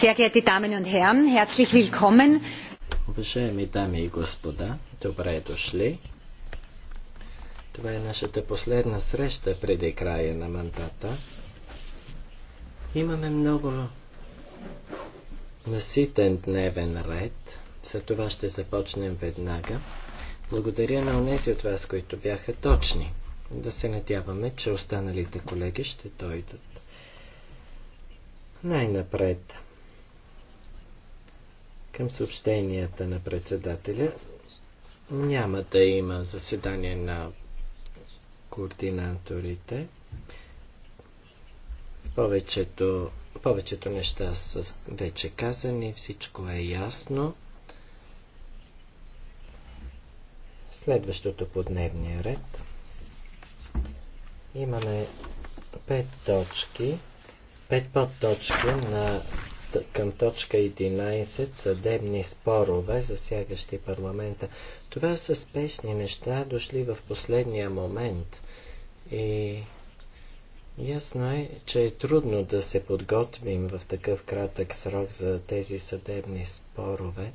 sehr geehrte Damen und Herren, herzlich willkommen. Уважаеми дами и господа, добре дошли. Това е нашата последна среща преди края на мандата. Имаме много наситен дневен ред, за това ще започнем веднага. Благодаря на онези от вас, които бяха точни. Да се надяваме, че останалите колеги ще дойдат. Най-напред към съобщенията на председателя. Няма да има заседание на координаторите. Повечето, повечето неща са вече казани, всичко е ясно. Следващото по дневния ред. Имаме пет точки, пет подточки на към точка 11 съдебни спорове, засягащи парламента. Това са спешни неща, дошли в последния момент. И ясно е, че е трудно да се подготвим в такъв кратък срок за тези съдебни спорове.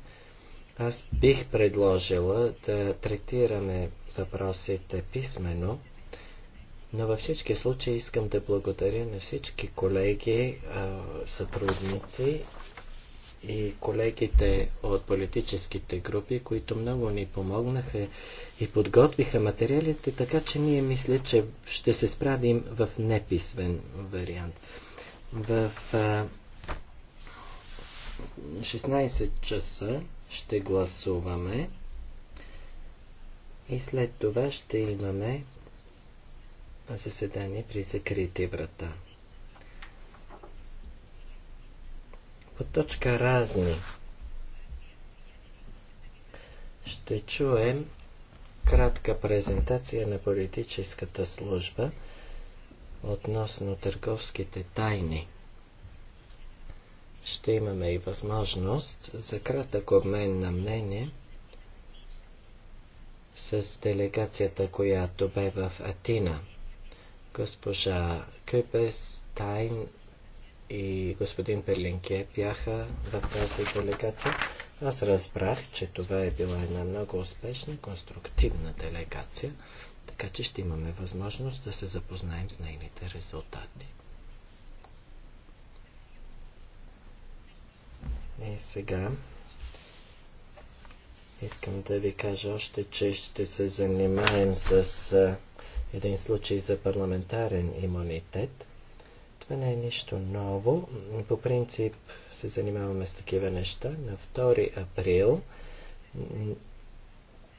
Аз бих предложила да третираме въпросите писменно. Но във всички случаи искам да благодаря на всички колеги, сътрудници и колегите от политическите групи, които много ни помогнаха и подготвиха материалите, така че ние мисля, че ще се справим в неписвен вариант. В 16 часа ще гласуваме и след това ще имаме заседание при закрити врата. По точка разни ще чуем кратка презентация на политическата служба относно търговските тайни. Ще имаме и възможност за кратък обмен на мнение с делегацията, която бе в Атина. Госпожа Къпес, Тайн и господин Перлинке бяха в тази делегация. Аз разбрах, че това е била една много успешна, конструктивна делегация, така че ще имаме възможност да се запознаем с нейните резултати. И сега искам да ви кажа още, че ще се занимаем с един случай за парламентарен имунитет. Това не е нищо ново. По принцип се занимаваме с такива неща. На 2 април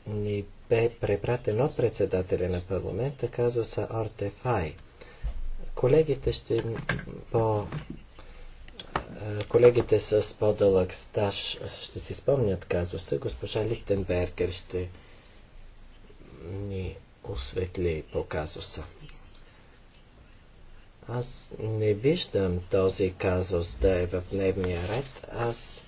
ни бе препратен от председателя на парламента казуса Ортефай. Колегите ще по колегите с по-дълъг стаж ще си спомнят казуса. Госпожа Лихтенбергер ще ни осветли по казуса. Аз не виждам този казус да е в дневния ред. Аз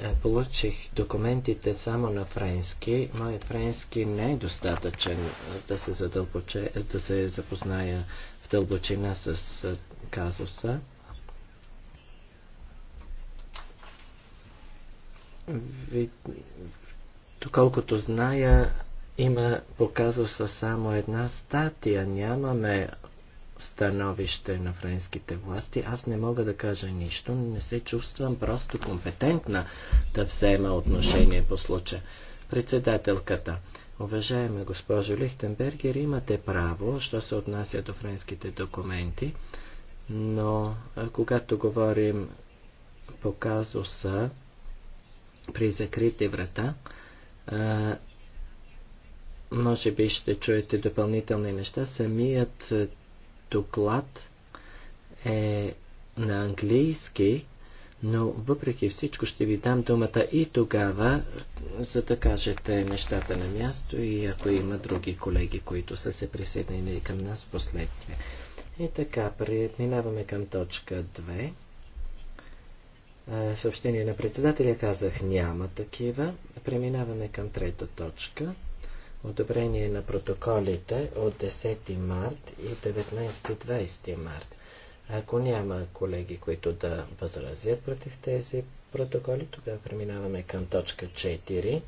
е, получих документите само на френски. Моят френски не е достатъчен е, да се, задълбоче, е, да се запозная в дълбочина с казуса. доколкото зная, има показва се само една статия. Нямаме становище на френските власти. Аз не мога да кажа нищо. Не се чувствам просто компетентна да взема отношение по случая. Председателката. Уважаема госпожо Лихтенбергер, имате право, що се отнася до френските документи, но когато говорим по казуса при закрити врата, може би ще чуете допълнителни неща. Самият е, доклад е на английски, но въпреки всичко ще ви дам думата и тогава, е, за да кажете нещата на място и ако има други колеги, които са се присъединили към нас в последствие. И така, преминаваме към точка 2. Е, съобщение на председателя казах няма такива. Преминаваме към трета точка одобрение на протоколите от 10 март и 19-20 март. Ако няма колеги, които да възразят против тези протоколи, тогава преминаваме към точка 4.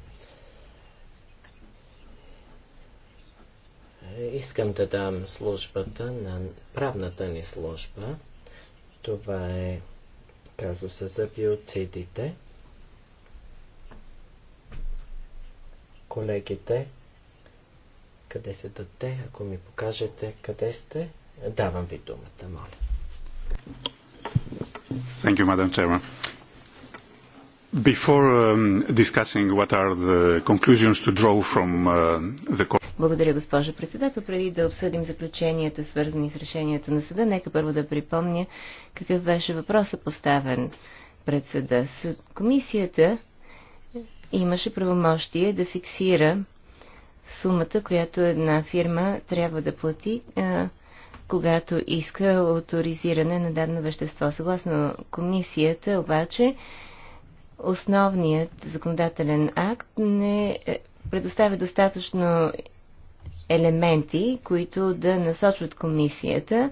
Искам да дам службата на правната ни служба. Това е казуса за биоцидите. Колегите къде се дате, ако ми покажете къде сте, давам ви думата, моля. Thank you, Madam Chairman. Before um, discussing what are the conclusions to draw from uh, the Благодаря, госпожа председател. Преди да обсъдим заключенията, свързани с решението на съда, нека първо да припомня какъв беше въпросът поставен пред съда. Комисията имаше правомощие да фиксира сумата, която една фирма трябва да плати, а, когато иска авторизиране на дадено вещество. Съгласно комисията, обаче, основният законодателен акт не е, предоставя достатъчно елементи, които да насочват комисията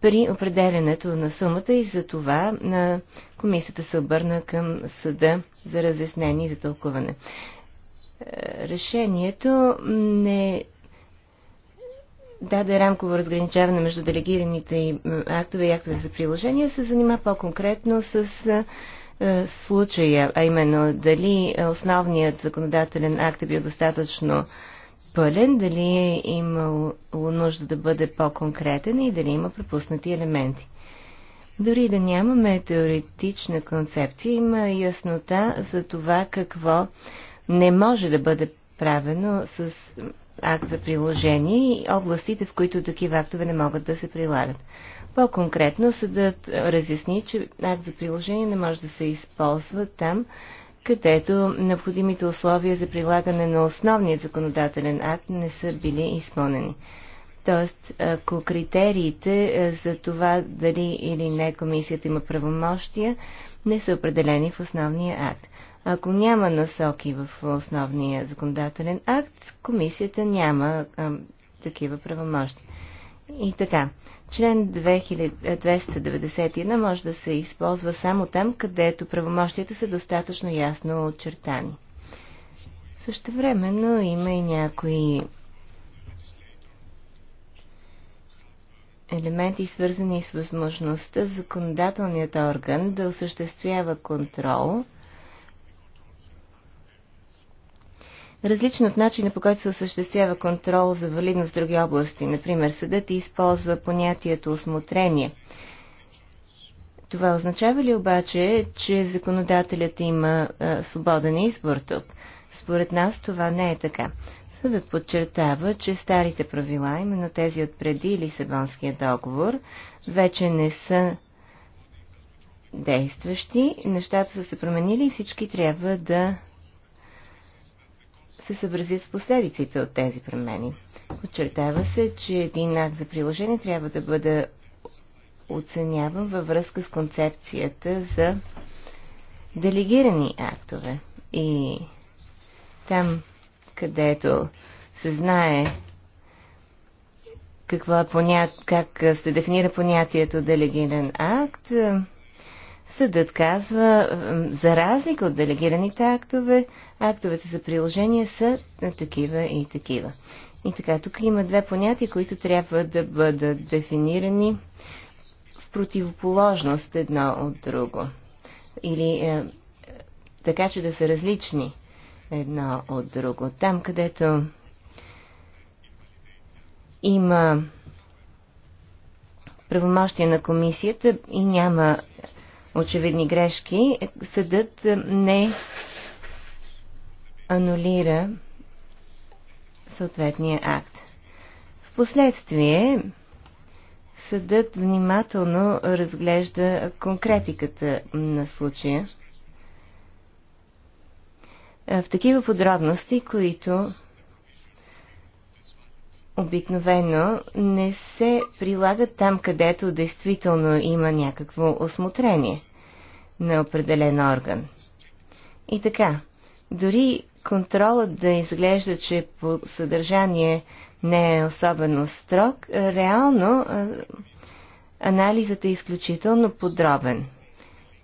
при определенето на сумата и за това на комисията се обърна към съда за разяснение и за тълкуване решението не даде рамково разграничаване между делегираните и актове и актове за приложение, се занима по-конкретно с случая, а именно дали основният законодателен акт е бил достатъчно пълен, дали е имало нужда да бъде по-конкретен и дали има пропуснати елементи. Дори да нямаме теоретична концепция, има яснота за това какво не може да бъде правено с акт за приложение и областите, в които такива актове не могат да се прилагат. По-конкретно съдът разясни, че акт за приложение не може да се използва там, където необходимите условия за прилагане на основния законодателен акт не са били изпълнени. Тоест, ако критериите е, за това дали или не комисията има правомощия, не са определени в основния акт. Ако няма насоки в основния законодателен акт, комисията няма а, такива правомощи. И така, член 291 е, може да се използва само там, където правомощията са достатъчно ясно очертани. Също но има и някои елементи, свързани с възможността законодателният орган да осъществява контрол – различен от начина по който се осъществява контрол за валидност в други области. Например, съдът използва понятието осмотрение. Това означава ли обаче, че законодателят има а, свободен избор тук? Според нас това не е така. Съдът подчертава, че старите правила, именно тези от преди Лисабонския договор, вече не са действащи, нещата са се променили и всички трябва да се съобразят с последиците от тези промени. Очертава се, че един акт за приложение трябва да бъде оценяван във връзка с концепцията за делегирани актове. И там, където се знае какво е понят... как се дефинира понятието делегиран акт, Съдът казва, за разлика от делегираните актове, актовете за приложение са такива и такива. И така, тук има две понятия, които трябва да бъдат дефинирани в противоположност едно от друго. Или е, така, че да са различни едно от друго. Там, където има правомощия на комисията и няма очевидни грешки, съдът не анулира съответния акт. Впоследствие съдът внимателно разглежда конкретиката на случая е, в такива подробности, които обикновено не се прилагат там, където действително има някакво осмотрение на определен орган. И така, дори контролът да изглежда, че по съдържание не е особено строг, реално анализът е изключително подробен.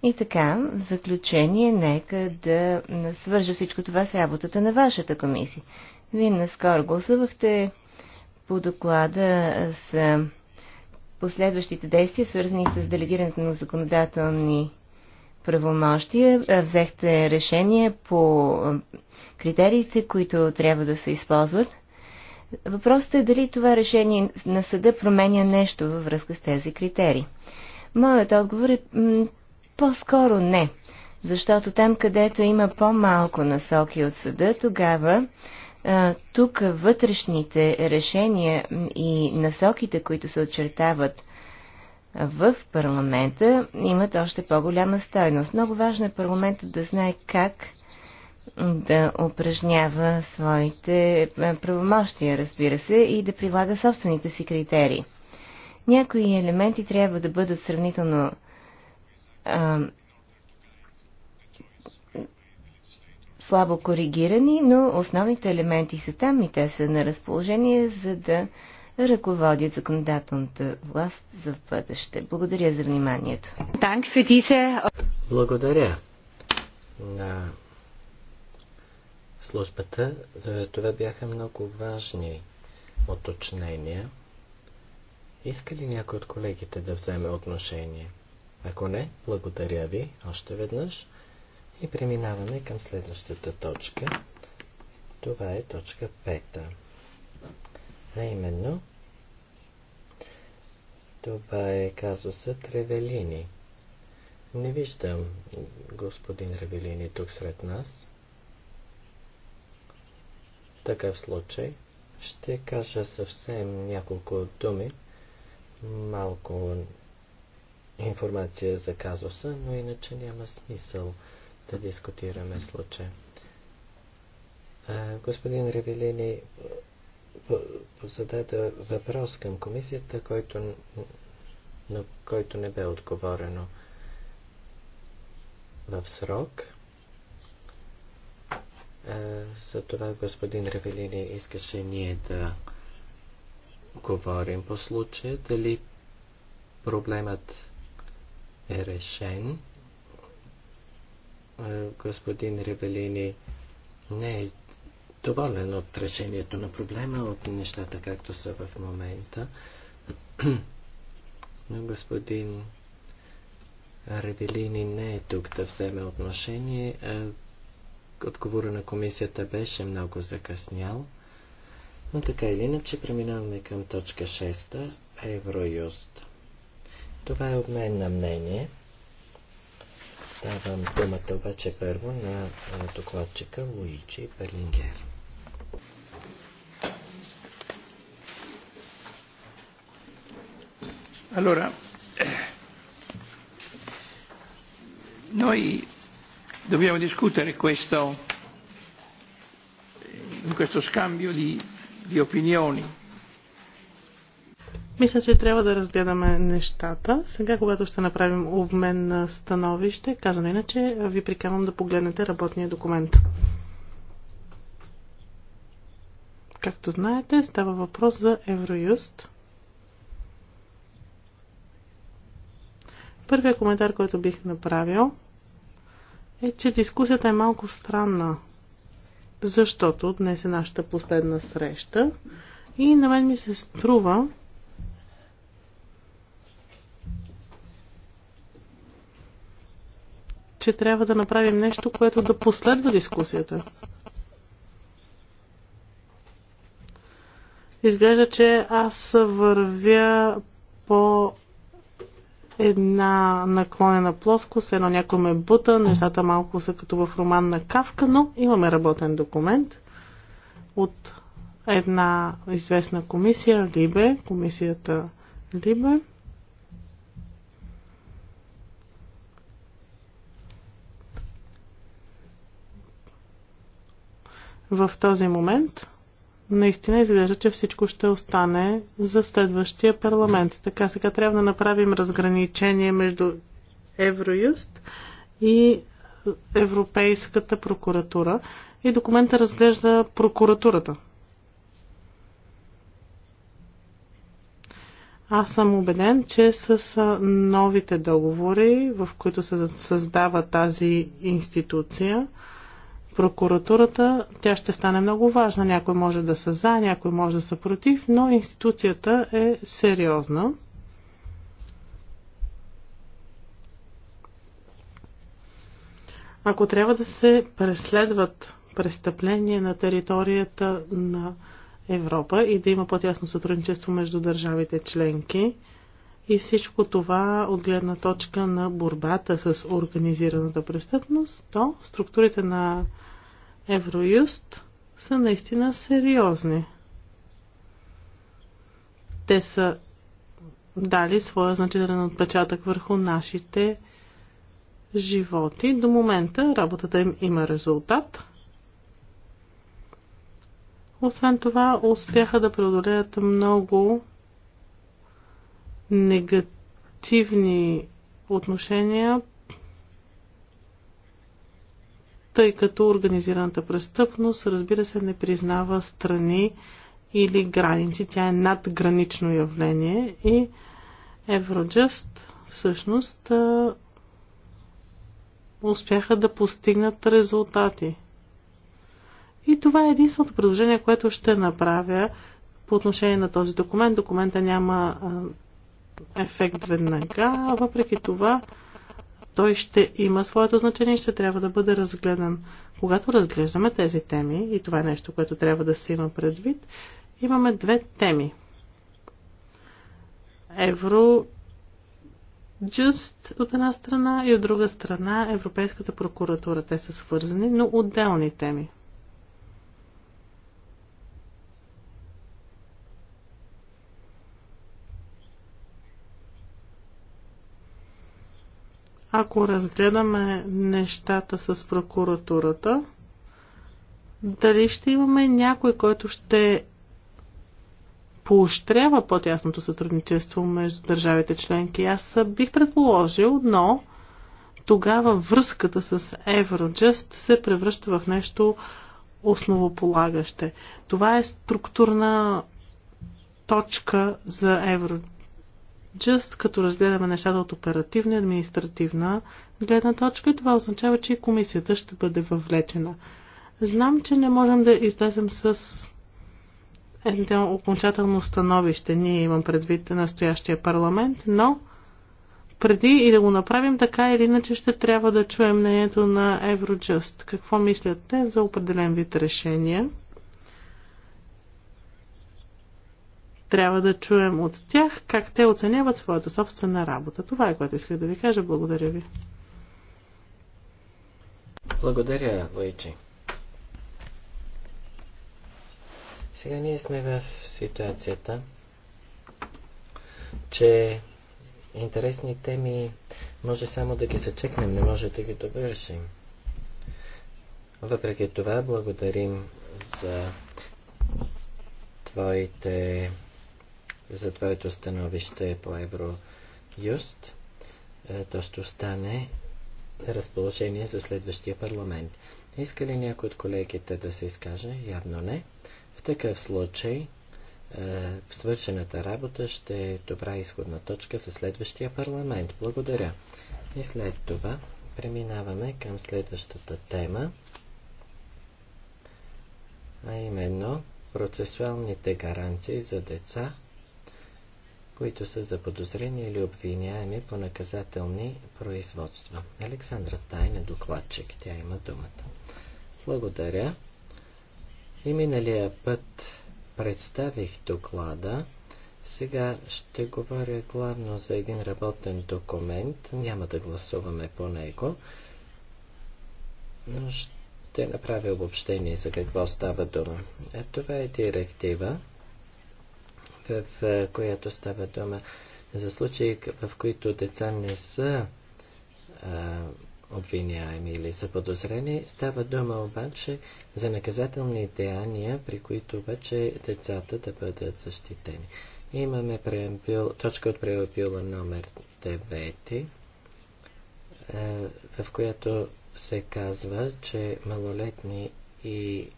И така, в заключение, нека да свържа всичко това с работата на вашата комисия. Вие наскоро гласувахте по доклада с последващите действия, свързани с делегирането на законодателни правомощия, взехте решение по критериите, които трябва да се използват. Въпросът е дали това решение на съда променя нещо във връзка с тези критерии. Моят отговор е по-скоро не, защото там, където има по-малко насоки от съда, тогава а, тук вътрешните решения и насоките, които се очертават в парламента имат още по-голяма стойност. Много важно е парламентът да знае как да упражнява своите е, правомощия, разбира се, и да прилага собствените си критерии. Някои елементи трябва да бъдат сравнително а, слабо коригирани, но основните елементи са там и те са на разположение, за да ръководят законодателната власт за бъдеще. Благодаря за вниманието. Благодаря на службата. Това бяха много важни уточнения. Иска ли някой от колегите да вземе отношение? Ако не, благодаря ви още веднъж и преминаваме към следващата точка. Това е точка Пета. А именно, това е казусът Ревелини. Не виждам господин Ревелини тук сред нас. В такъв случай ще кажа съвсем няколко думи, малко информация за казуса, но иначе няма смисъл да дискутираме случая. Господин Ревелини зададе въпрос към комисията, който, на който не бе отговорено в срок. Е, за това господин Равелини искаше ние да говорим по случая, дали проблемът е решен. Е, господин Ревелини не е доволен от решението на проблема, от нещата, както са в момента. Но господин Ревелини не е тук да вземе отношение. Отговора на комисията беше много закъснял. Но така или иначе преминаваме към точка 6. Евроюст. Това е обмен на мнение. Давам думата обаче първо на докладчика Луичи Перлингер. Allora, noi dobbiamo discutere questo, in questo scambio di, di opinioni. Мисля, че трябва да разгледаме нещата. Сега, когато ще направим обмен на становище, казано иначе, ви приканвам да погледнете работния документ. Както знаете, става въпрос за Евроюст. Първият коментар, който бих направил, е, че дискусията е малко странна, защото днес е нашата последна среща и на мен ми се струва, че трябва да направим нещо, което да последва дискусията. Изглежда, че аз вървя по една наклонена плоскост, едно някой ме бута, нещата малко са като в роман на Кавка, но имаме работен документ от една известна комисия, Либе, комисията Либе. В този момент наистина изглежда, че всичко ще остане за следващия парламент. Така сега трябва да направим разграничение между Евроюст и Европейската прокуратура. И документа разглежда прокуратурата. Аз съм убеден, че с новите договори, в които се създава тази институция, прокуратурата, тя ще стане много важна. Някой може да са за, някой може да са против, но институцията е сериозна. Ако трябва да се преследват престъпления на територията на Европа и да има по-тясно сътрудничество между държавите членки, и всичко това от гледна точка на борбата с организираната престъпност, то структурите на Евроюст са наистина сериозни. Те са дали своя значителен отпечатък върху нашите животи. До момента работата им има резултат. Освен това, успяха да преодолеят много негативни отношения тъй като организираната престъпност, разбира се, не признава страни или граници. Тя е надгранично явление и Евроджъст всъщност успяха да постигнат резултати. И това е единственото предложение, което ще направя по отношение на този документ. Документа няма ефект веднага, а въпреки това той ще има своето значение и ще трябва да бъде разгледан. Когато разглеждаме тези теми, и това е нещо, което трябва да се има предвид, имаме две теми. Евро Just от една страна и от друга страна Европейската прокуратура. Те са свързани, но отделни теми. ако разгледаме нещата с прокуратурата, дали ще имаме някой, който ще поощрява по-тясното сътрудничество между държавите членки. Аз бих предположил, но тогава връзката с Евроджъст се превръща в нещо основополагаще. Това е структурна точка за Евро, Just като разгледаме нещата от оперативна и административна гледна точка и това означава, че и комисията ще бъде въвлечена. Знам, че не можем да излезем с едно окончателно становище. Ние имам предвид настоящия парламент, но преди и да го направим така или иначе ще трябва да чуем мнението на Евроджъст. Какво мислят те за определен вид решения? Трябва да чуем от тях как те оценяват своята собствена работа. Това е което исках да ви кажа. Благодаря ви. Благодаря, Луиджи. Сега ние сме в ситуацията, че интересни теми може само да ги зачекнем, не може да ги довършим. Въпреки това, благодарим за твоите за твоето становище по Евроюст. Е, то ще остане разположение за следващия парламент. Иска ли някой от колегите да се изкаже? Явно не. В такъв случай е, в свършената работа ще е добра изходна точка за следващия парламент. Благодаря. И след това преминаваме към следващата тема, а именно процесуалните гаранции за деца които са заподозрени или обвиняеми по наказателни производства. Александра Тайна докладчик. Тя има думата. Благодаря. И миналия път представих доклада. Сега ще говоря главно за един работен документ. Няма да гласуваме по него, но ще направя обобщение за какво става дума. Е, това е директива в която става дума за случаи, в които деца не са а, обвиняеми или са подозрени. Става дума обаче за наказателни деяния, при които обаче децата да бъдат защитени. Имаме преампил, точка от преампила номер 9, в която се казва, че малолетни и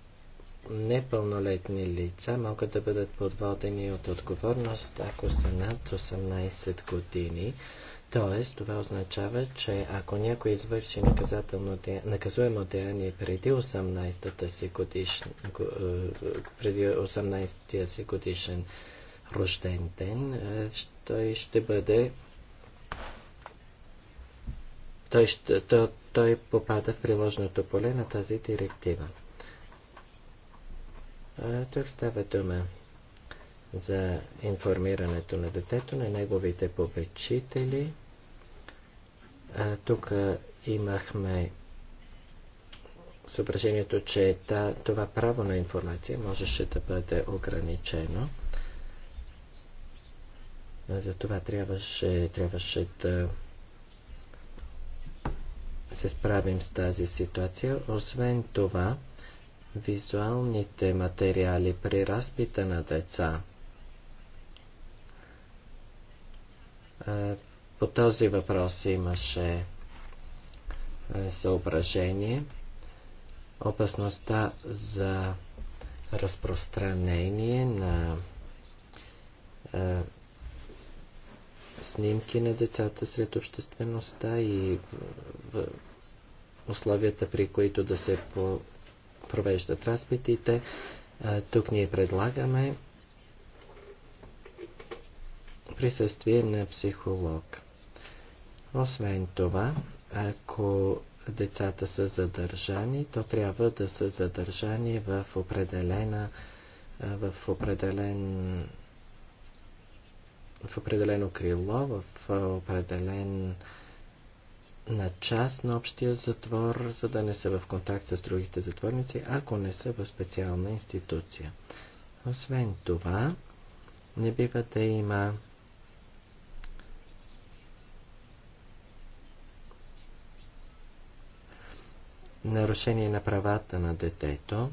непълнолетни лица могат да бъдат подводени от отговорност, ако са над 18 години. Тоест, това означава, че ако някой извърши наказателно наказуемо деяние преди 18-та си годиш... Е, преди 18-тия си годишен рожден ден, е, той ще бъде той, ще... той, той попада в приложното поле на тази директива. Тук става дума за информирането на детето, на неговите попечители. Тук имахме съображението, че та, това право на информация можеше да бъде ограничено. Затова трябваше, трябваше да се справим с тази ситуация. Освен това, визуалните материали при разпита на деца. По този въпрос имаше съображение. Опасността за разпространение на снимки на децата сред обществеността и в, в условията, при които да се по, провеждат разпитите. Тук ние предлагаме присъствие на психолог. Освен това, ако децата са задържани, то трябва да са задържани в определена в определен в определено крило, в определен на част на общия затвор, за да не са в контакт с другите затворници, ако не са в специална институция. Освен това, не бива да има нарушение на правата на детето.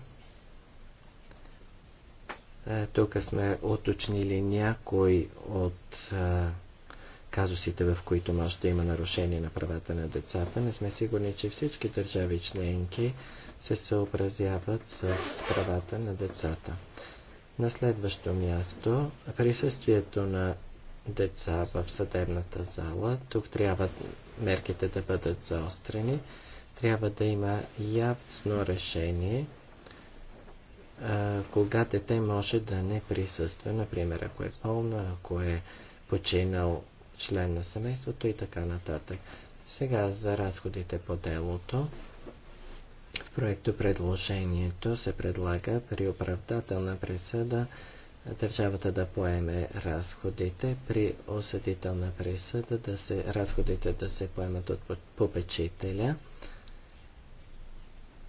Е, тук сме оточнили някой от е, казусите, в които може да има нарушение на правата на децата. Не сме сигурни, че всички държави членки се съобразяват с правата на децата. На следващо място, присъствието на деца в съдебната зала. Тук трябва мерките да бъдат заострени. Трябва да има явно решение, кога дете може да не присъства, например, ако е пълна, ако е починал член на семейството и така нататък. Сега за разходите по делото. В проекто предложението се предлага при оправдателна присъда държавата да поеме разходите, при осъдителна присъда да се, разходите да се поемат от попечителя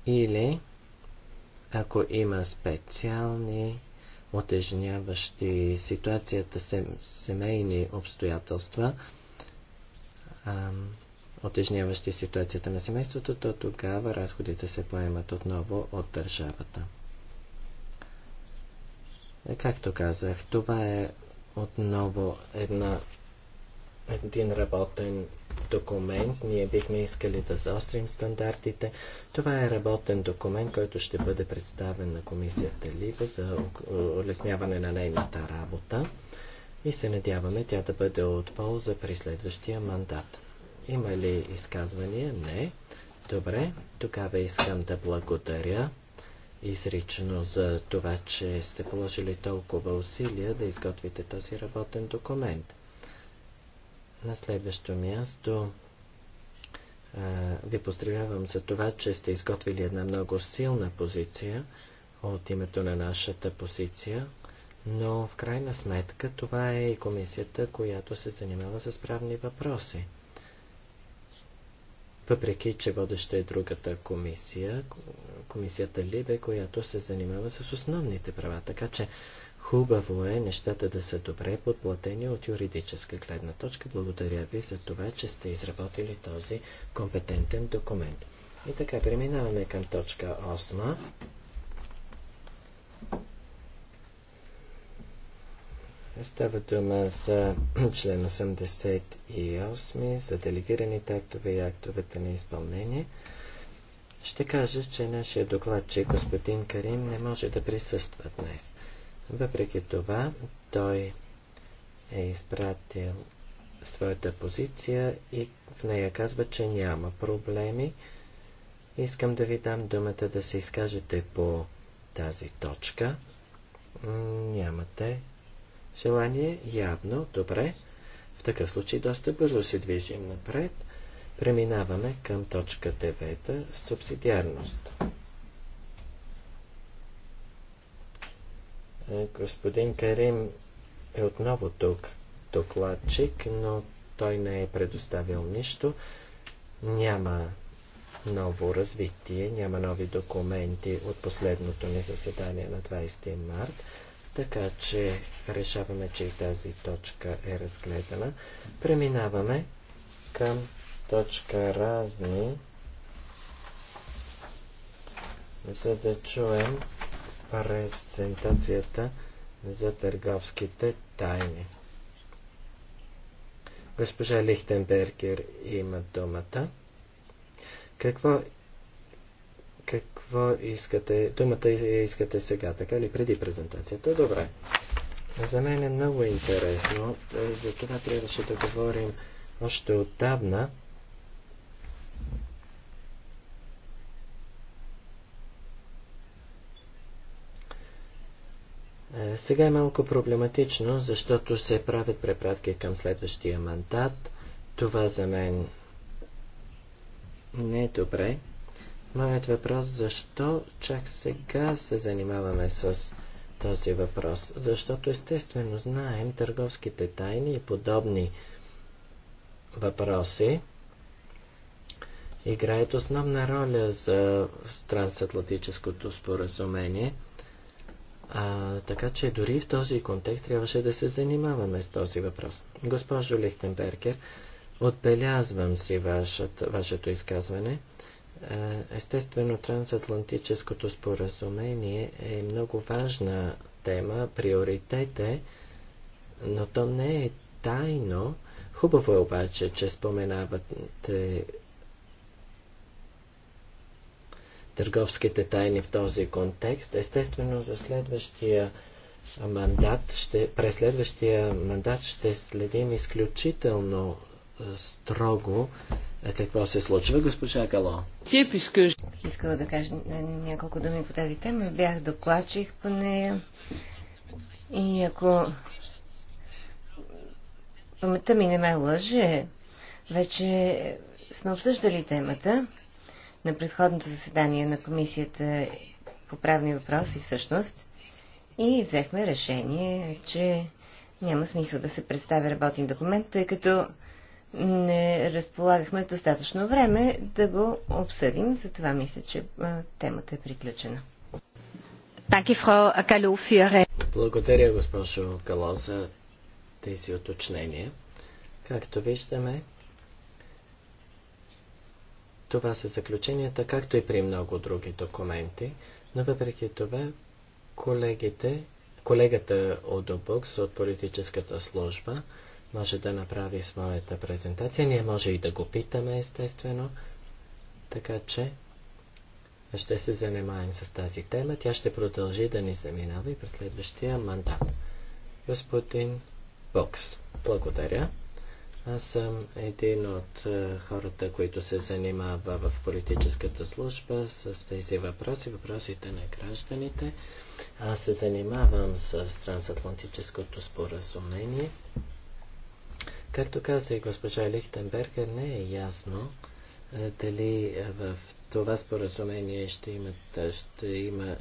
или ако има специални отежняващи ситуацията семейни обстоятелства, отежняващи ситуацията на семейството, то тогава разходите се поемат отново от държавата. Е, както казах, това е отново една един работен документ. Ние бихме искали да заострим стандартите. Това е работен документ, който ще бъде представен на комисията Лига за улесняване на нейната работа и се надяваме тя да бъде от полза при следващия мандат. Има ли изказвания? Не. Добре, тогава искам да благодаря изрично за това, че сте положили толкова усилия да изготвите този работен документ. На следващо място ви поздравявам за това, че сте изготвили една много силна позиция от името на нашата позиция, но в крайна сметка това е и комисията, която се занимава с правни въпроси. Въпреки, че водеща е другата комисия, комисията Либе, която се занимава с основните права. Така че Хубаво е нещата да са добре подплатени от юридическа гледна точка. Благодаря ви за това, че сте изработили този компетентен документ. И така, преминаваме към точка 8. Става дума за член 88, за делегираните актове и актовете на изпълнение. Ще кажа, че нашия доклад, че господин Карим не може да присъства днес. Въпреки това, той е изпратил своята позиция и в нея казва, че няма проблеми. Искам да ви дам думата да се изкажете по тази точка. Нямате желание, явно, добре. В такъв случай доста бързо се движим напред. Преминаваме към точка 9 – субсидиарност. Господин Карим е отново тук докладчик, но той не е предоставил нищо. Няма ново развитие, няма нови документи от последното ни заседание на 20 март, така че решаваме, че и тази точка е разгледана. Преминаваме към точка разни, за да чуем презентацията за търговските тайни. Госпожа Лихтенбергер има думата. Какво, какво искате? Думата искате сега, така ли? Преди презентацията. Добре. За мен е много интересно. За това трябваше да говорим още отдавна. Е, сега е малко проблематично, защото се правят препратки към следващия мандат. Това за мен не е добре. Моят въпрос защо чак сега се занимаваме с този въпрос? Защото естествено знаем търговските тайни и подобни въпроси играят основна роля за трансатлантическото споразумение – а, така че дори в този контекст трябваше да се занимаваме с този въпрос. Госпожо Лихтенбергер, отбелязвам си вашето, вашето изказване. Естествено, трансатлантическото споразумение е много важна тема, приоритет е, но то не е тайно. Хубаво е обаче, че споменавате търговските тайни в този контекст. Естествено, за следващия мандат ще, през следващия мандат ще следим изключително е, строго е, какво се случва. Госпожа Кало. Искала да кажа няколко думи по тази тема. Бях докладчих по нея. И ако паметта ми не ме лъже, вече сме обсъждали темата на предходното заседание на комисията по правни въпроси всъщност и взехме решение, че няма смисъл да се представя работен документ, тъй като не разполагахме достатъчно време да го обсъдим. Затова мисля, че темата е приключена. Благодаря, госпожо Кало, за тези уточнения. Както виждаме, това са заключенията, както и при много други документи, но въпреки това колегите, колегата от Обукс от политическата служба може да направи своята презентация. Ние може и да го питаме, естествено. Така че ще се занимаем с тази тема. Тя ще продължи да ни заминава и през следващия мандат. Господин Бокс, благодаря. Аз съм един от е, хората, които се занимава в политическата служба с тези въпроси, въпросите на гражданите. Аз се занимавам с трансатлантическото споразумение. Както каза и госпожа Лихтенбергер, не е ясно е, дали е, в това споразумение ще, имат, ще има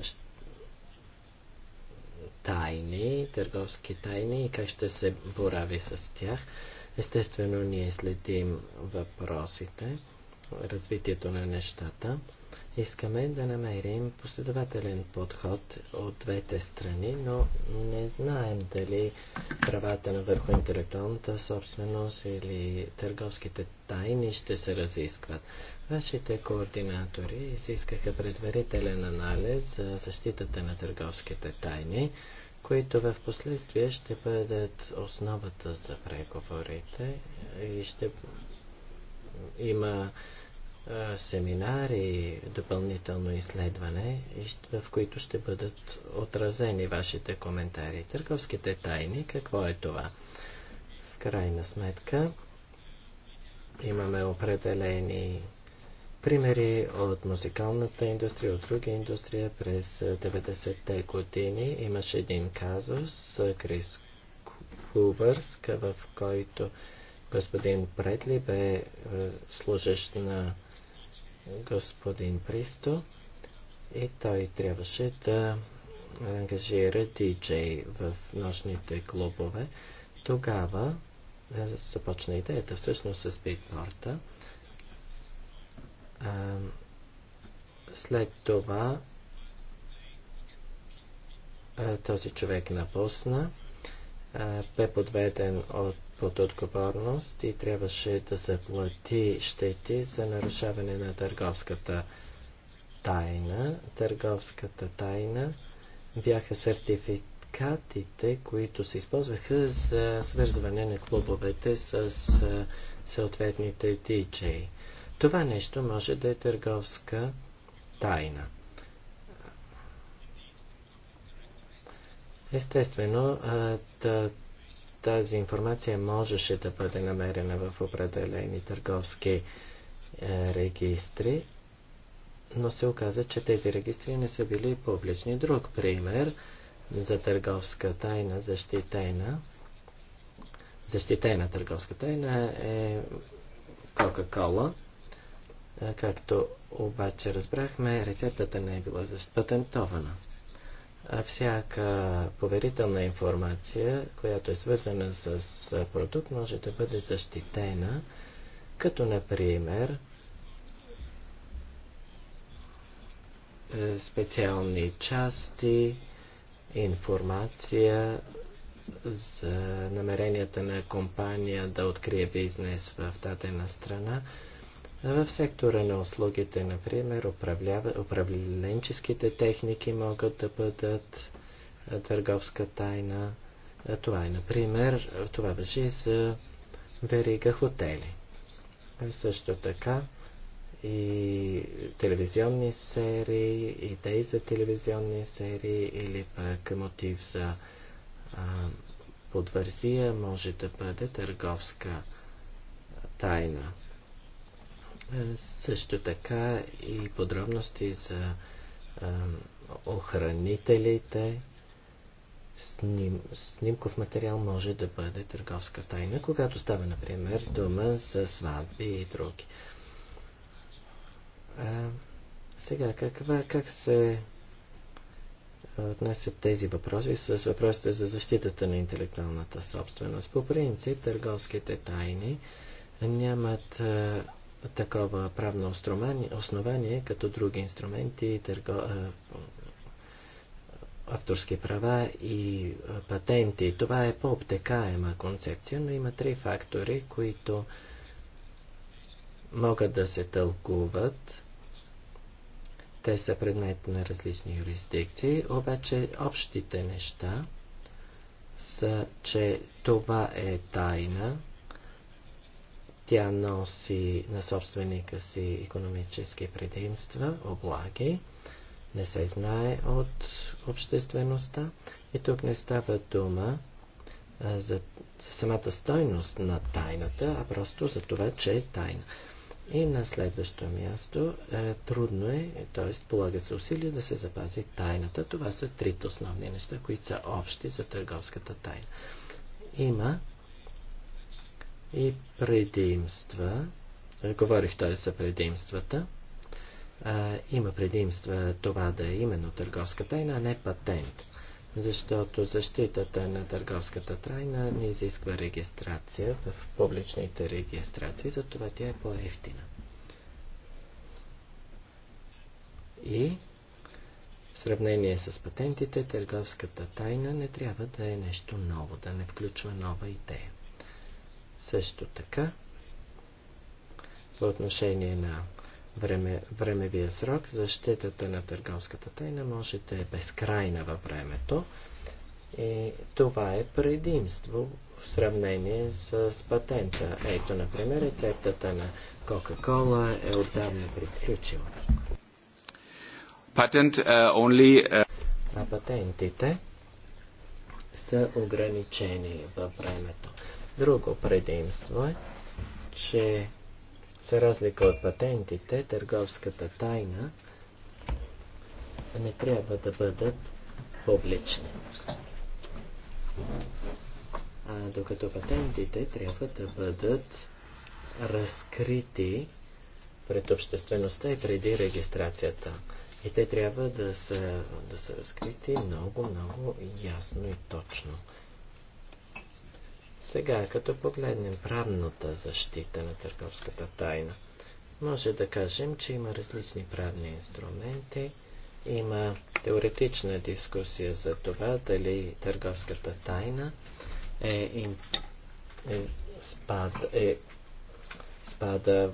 тайни, търговски тайни и как ще се борави с тях. Естествено, ние следим въпросите, развитието на нещата. Искаме да намерим последователен подход от двете страни, но не знаем дали правата на върху интелектуалната собственост или търговските тайни ще се разискват. Вашите координатори изискаха предварителен анализ за защитата на търговските тайни които в последствие ще бъдат основата за преговорите и ще има семинари, допълнително изследване, в които ще бъдат отразени вашите коментари. Търговските тайни, какво е това? В крайна сметка имаме определени Примери от музикалната индустрия, от други индустрия през 90-те години имаше един казус, Крис Кубърска, в който господин Предли бе служещ на господин Присто и той трябваше да ангажира диджей в нощните клубове. Тогава започна идеята всъщност с битпорта. След това този човек напусна, бе подведен от под отговорност и трябваше да заплати щети за нарушаване на търговската тайна. Търговската тайна бяха сертификатите, които се използваха за свързване на клубовете с съответните диджеи. Това нещо може да е търговска тайна. Естествено, тази информация можеше да бъде намерена в определени търговски е, регистри, но се оказа, че тези регистри не са били публични. Друг пример за търговска тайна, защитена, защитена търговска тайна е Кока-Кола. Е, както обаче разбрахме, рецептата не е била запатентована. А всяка поверителна информация, която е свързана с продукт, може да бъде защитена, като например е, специални части, информация за намеренията на компания да открие бизнес в дадена страна. В сектора на услугите, например, управленческите техники могат да бъдат търговска тайна. Това е, например, това въжи за верига хотели. Също така и телевизионни серии, идеи за телевизионни серии или пък мотив за а, подвързия може да бъде търговска тайна. Също така и подробности за охранителите. Сним, снимков материал може да бъде търговска тайна, когато става, например, дума за сватби и други. А, сега, каква, как се отнасят тези въпроси с въпросите за защитата на интелектуалната собственост? По принцип, търговските тайни нямат такова правно основание, като други инструменти, търго, авторски права и патенти. Това е по-обтекаема концепция, но има три фактори, които могат да се тълкуват. Те са предмет на различни юрисдикции, обаче общите неща са, че това е тайна, тя носи на собственика си економически предимства, облаги, не се знае от обществеността и тук не става дума за, за самата стойност на тайната, а просто за това, че е тайна. И на следващо място, е, трудно е, т.е. полага се усилия да се запази тайната. Това са трите основни неща, които са общи за търговската тайна. Има и предимства. Е, говорих той за предимствата. А, има предимства това да е именно търговска тайна, а не патент. Защото защитата на търговската тайна не изисква регистрация в публичните регистрации, затова тя е по-ефтина. И в сравнение с патентите, търговската тайна не трябва да е нещо ново, да не включва нова идея. Също така, по отношение на време, времевия срок, защитата на търговската тайна може да е безкрайна във времето. И това е предимство в сравнение с патента. Ето, например, рецептата на Кока-Кола е отдавна приключила. Патент, uh, only, uh... А патентите са ограничени във времето. Друго предимство е, че за разлика от патентите, търговската тайна не трябва да бъдат публични. А, докато патентите трябва да бъдат разкрити пред обществеността и преди регистрацията. И те трябва да са, да са разкрити много, много ясно и точно. Сега, като погледнем правната защита на търговската тайна, може да кажем, че има различни правни инструменти, има теоретична дискусия за това дали търговската тайна е, им, е, спад, е, спада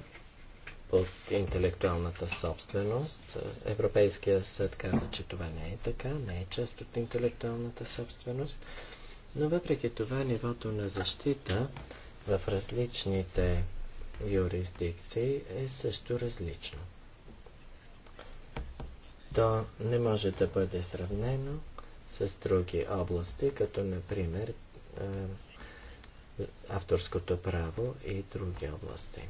под интелектуалната собственост. Европейския съд каза, че това не е така, не е част от интелектуалната собственост. Но въпреки това нивото на защита в различните юрисдикции е също различно. То не може да бъде сравнено с други области, като например е, авторското право и други области.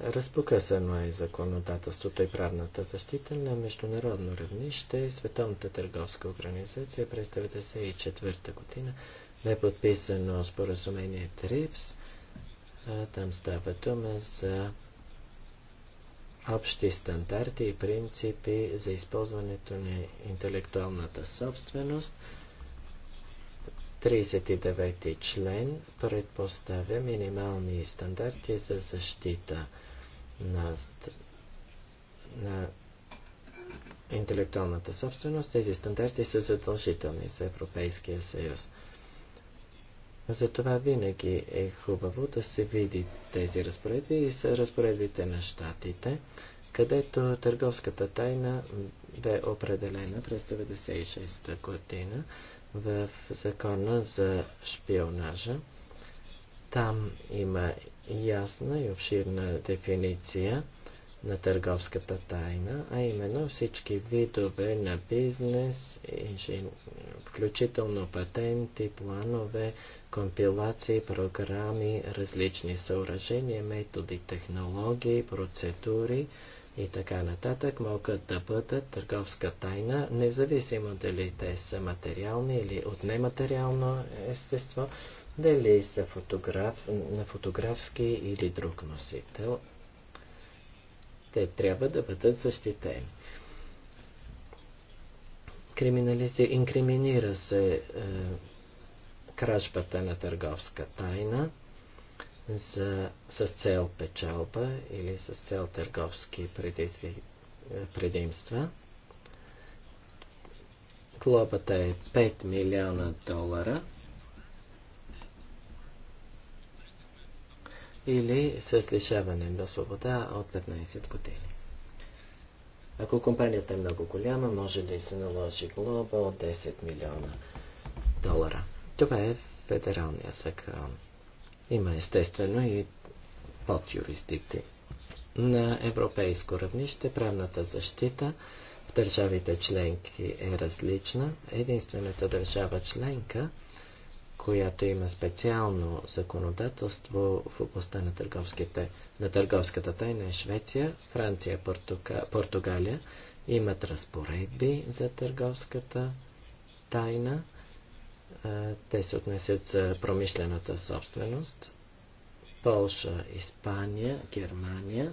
Разпокъсано е законодателството и правната защита на международно равнище. Световната търговска организация през 1994 година бе подписано споразумение ТРИПС. Там става дума за общи стандарти и принципи за използването на интелектуалната собственост – 39 член предпоставя минимални стандарти за защита на, на интелектуалната собственост. Тези стандарти са задължителни за Европейския съюз. Затова винаги е хубаво да се види тези разпоредби и са разпоредбите на щатите, където търговската тайна бе определена през 1996 година в закона за шпионажа. Там има ясна и обширна дефиниция на търговската тайна, а именно всички видове на бизнес, включително патенти, планове, компилации, програми, различни съоръжения, методи, технологии, процедури, и така нататък могат да бъдат търговска тайна, независимо дали те са материални или от нематериално естество, дали са фотограф, на фотографски или друг носител. Те трябва да бъдат защитени. Криминализи, инкриминира се е, кражбата на търговска тайна – за, с цел печалба или с цел търговски предизви, е, предимства. Глобата е 5 милиона долара или с лишаване на свобода от 15 години. Ако компанията е много голяма, може да и се наложи глоба от 10 милиона долара. Това е федералния закон. Има естествено и под юрисдикции. На европейско равнище правната защита в държавите членки е различна. Единствената държава членка, която има специално законодателство в областта на, търговските, на търговската тайна е Швеция, Франция, Портука, Португалия имат разпоредби за търговската тайна. Те се отнесят за промишлената собственост. Полша, Испания, Германия.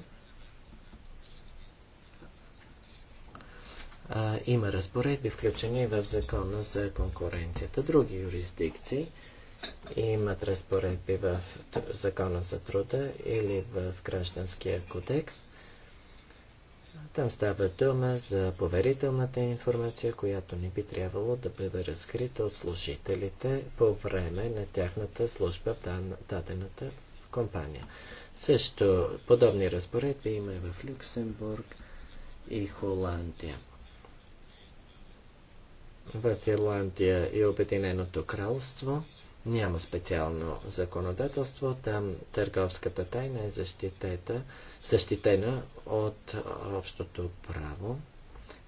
има разпоредби, включени в закона за конкуренцията. Други юрисдикции имат разпоредби в закона за труда или в гражданския кодекс там става дума за поверителната информация, която не би трябвало да бъде разкрита от служителите по време на тяхната служба в дадената компания. Също подобни разпоредби има и в Люксембург и Холандия. В Ирландия и е Обединеното кралство – няма специално законодателство. Там търговската тайна е защитета, защитена от общото право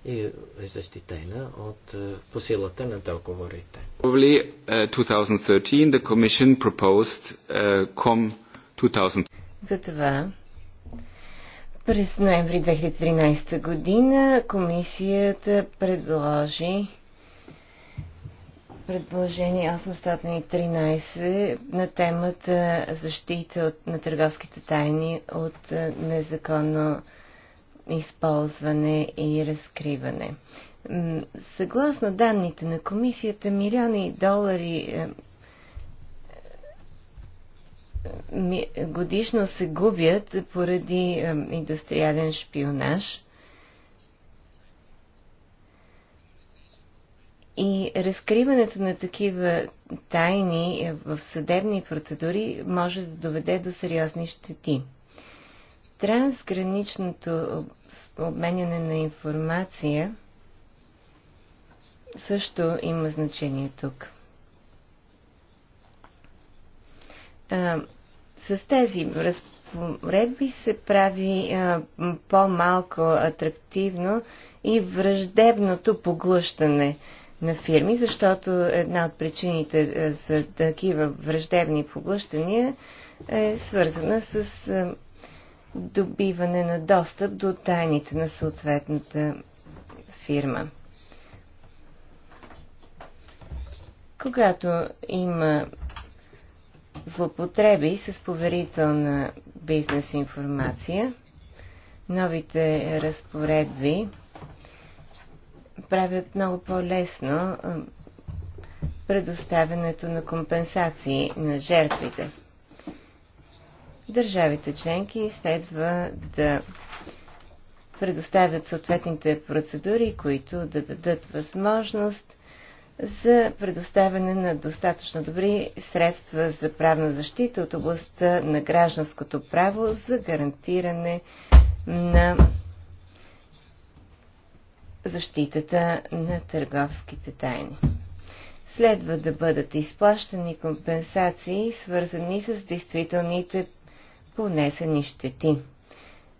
и е защитена от, посилата на договорите. Probably, uh, 2013 the commission proposed uh, COM 2000. Затова през ноември 2013 година комисията предложи предложение 813 на темата защита от, на търговските тайни от е, незаконно използване и разкриване. Съгласно данните на комисията, милиони долари е, е, годишно се губят поради индустриален шпионаж – И разкриването на такива тайни в съдебни процедури може да доведе до сериозни щети. Трансграничното обменяне на информация също има значение тук. А, с тези разпоредби се прави по-малко атрактивно и враждебното поглъщане – на фирми, защото една от причините е, за такива враждебни поглъщания е свързана с е, добиване на достъп до тайните на съответната фирма. Когато има злопотреби с поверителна бизнес информация, новите разпоредби правят много по-лесно предоставянето на компенсации на жертвите. Държавите членки следва да предоставят съответните процедури, които да дадат възможност за предоставяне на достатъчно добри средства за правна защита от областта на гражданското право за гарантиране на защитата на търговските тайни. Следва да бъдат изплащани компенсации, свързани с действителните понесени щети.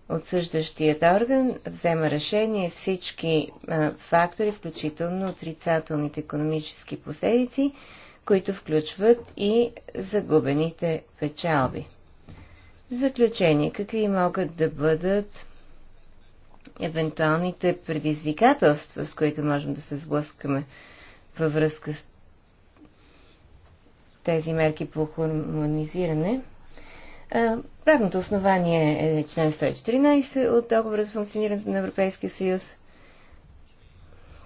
Отсъждащият орган взема решение всички а, фактори, включително отрицателните економически последици, които включват и загубените печалби. В заключение, какви могат да бъдат евентуалните предизвикателства, с които можем да се сблъскаме във връзка с тези мерки по хормонизиране. Правното основание е член 114 от договора за функционирането на Европейския съюз.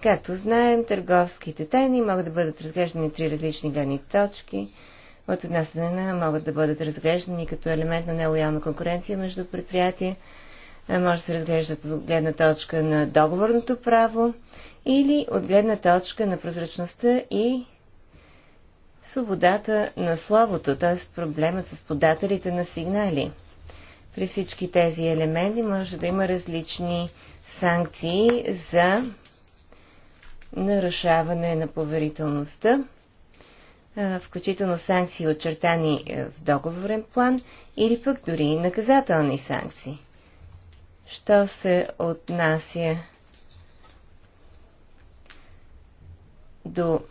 Както знаем, търговските тайни могат да бъдат разглеждани три различни гледни точки. От една страна могат да бъдат разглеждани като елемент на нелоялна конкуренция между предприятия, е, може да се разглеждат от гледна точка на договорното право или от гледна точка на прозрачността и свободата на словото, т.е. проблемът с подателите на сигнали. При всички тези елементи може да има различни санкции за нарушаване на поверителността, включително санкции, очертани е, в договорен план, или пък дори наказателни санкции що се отнася до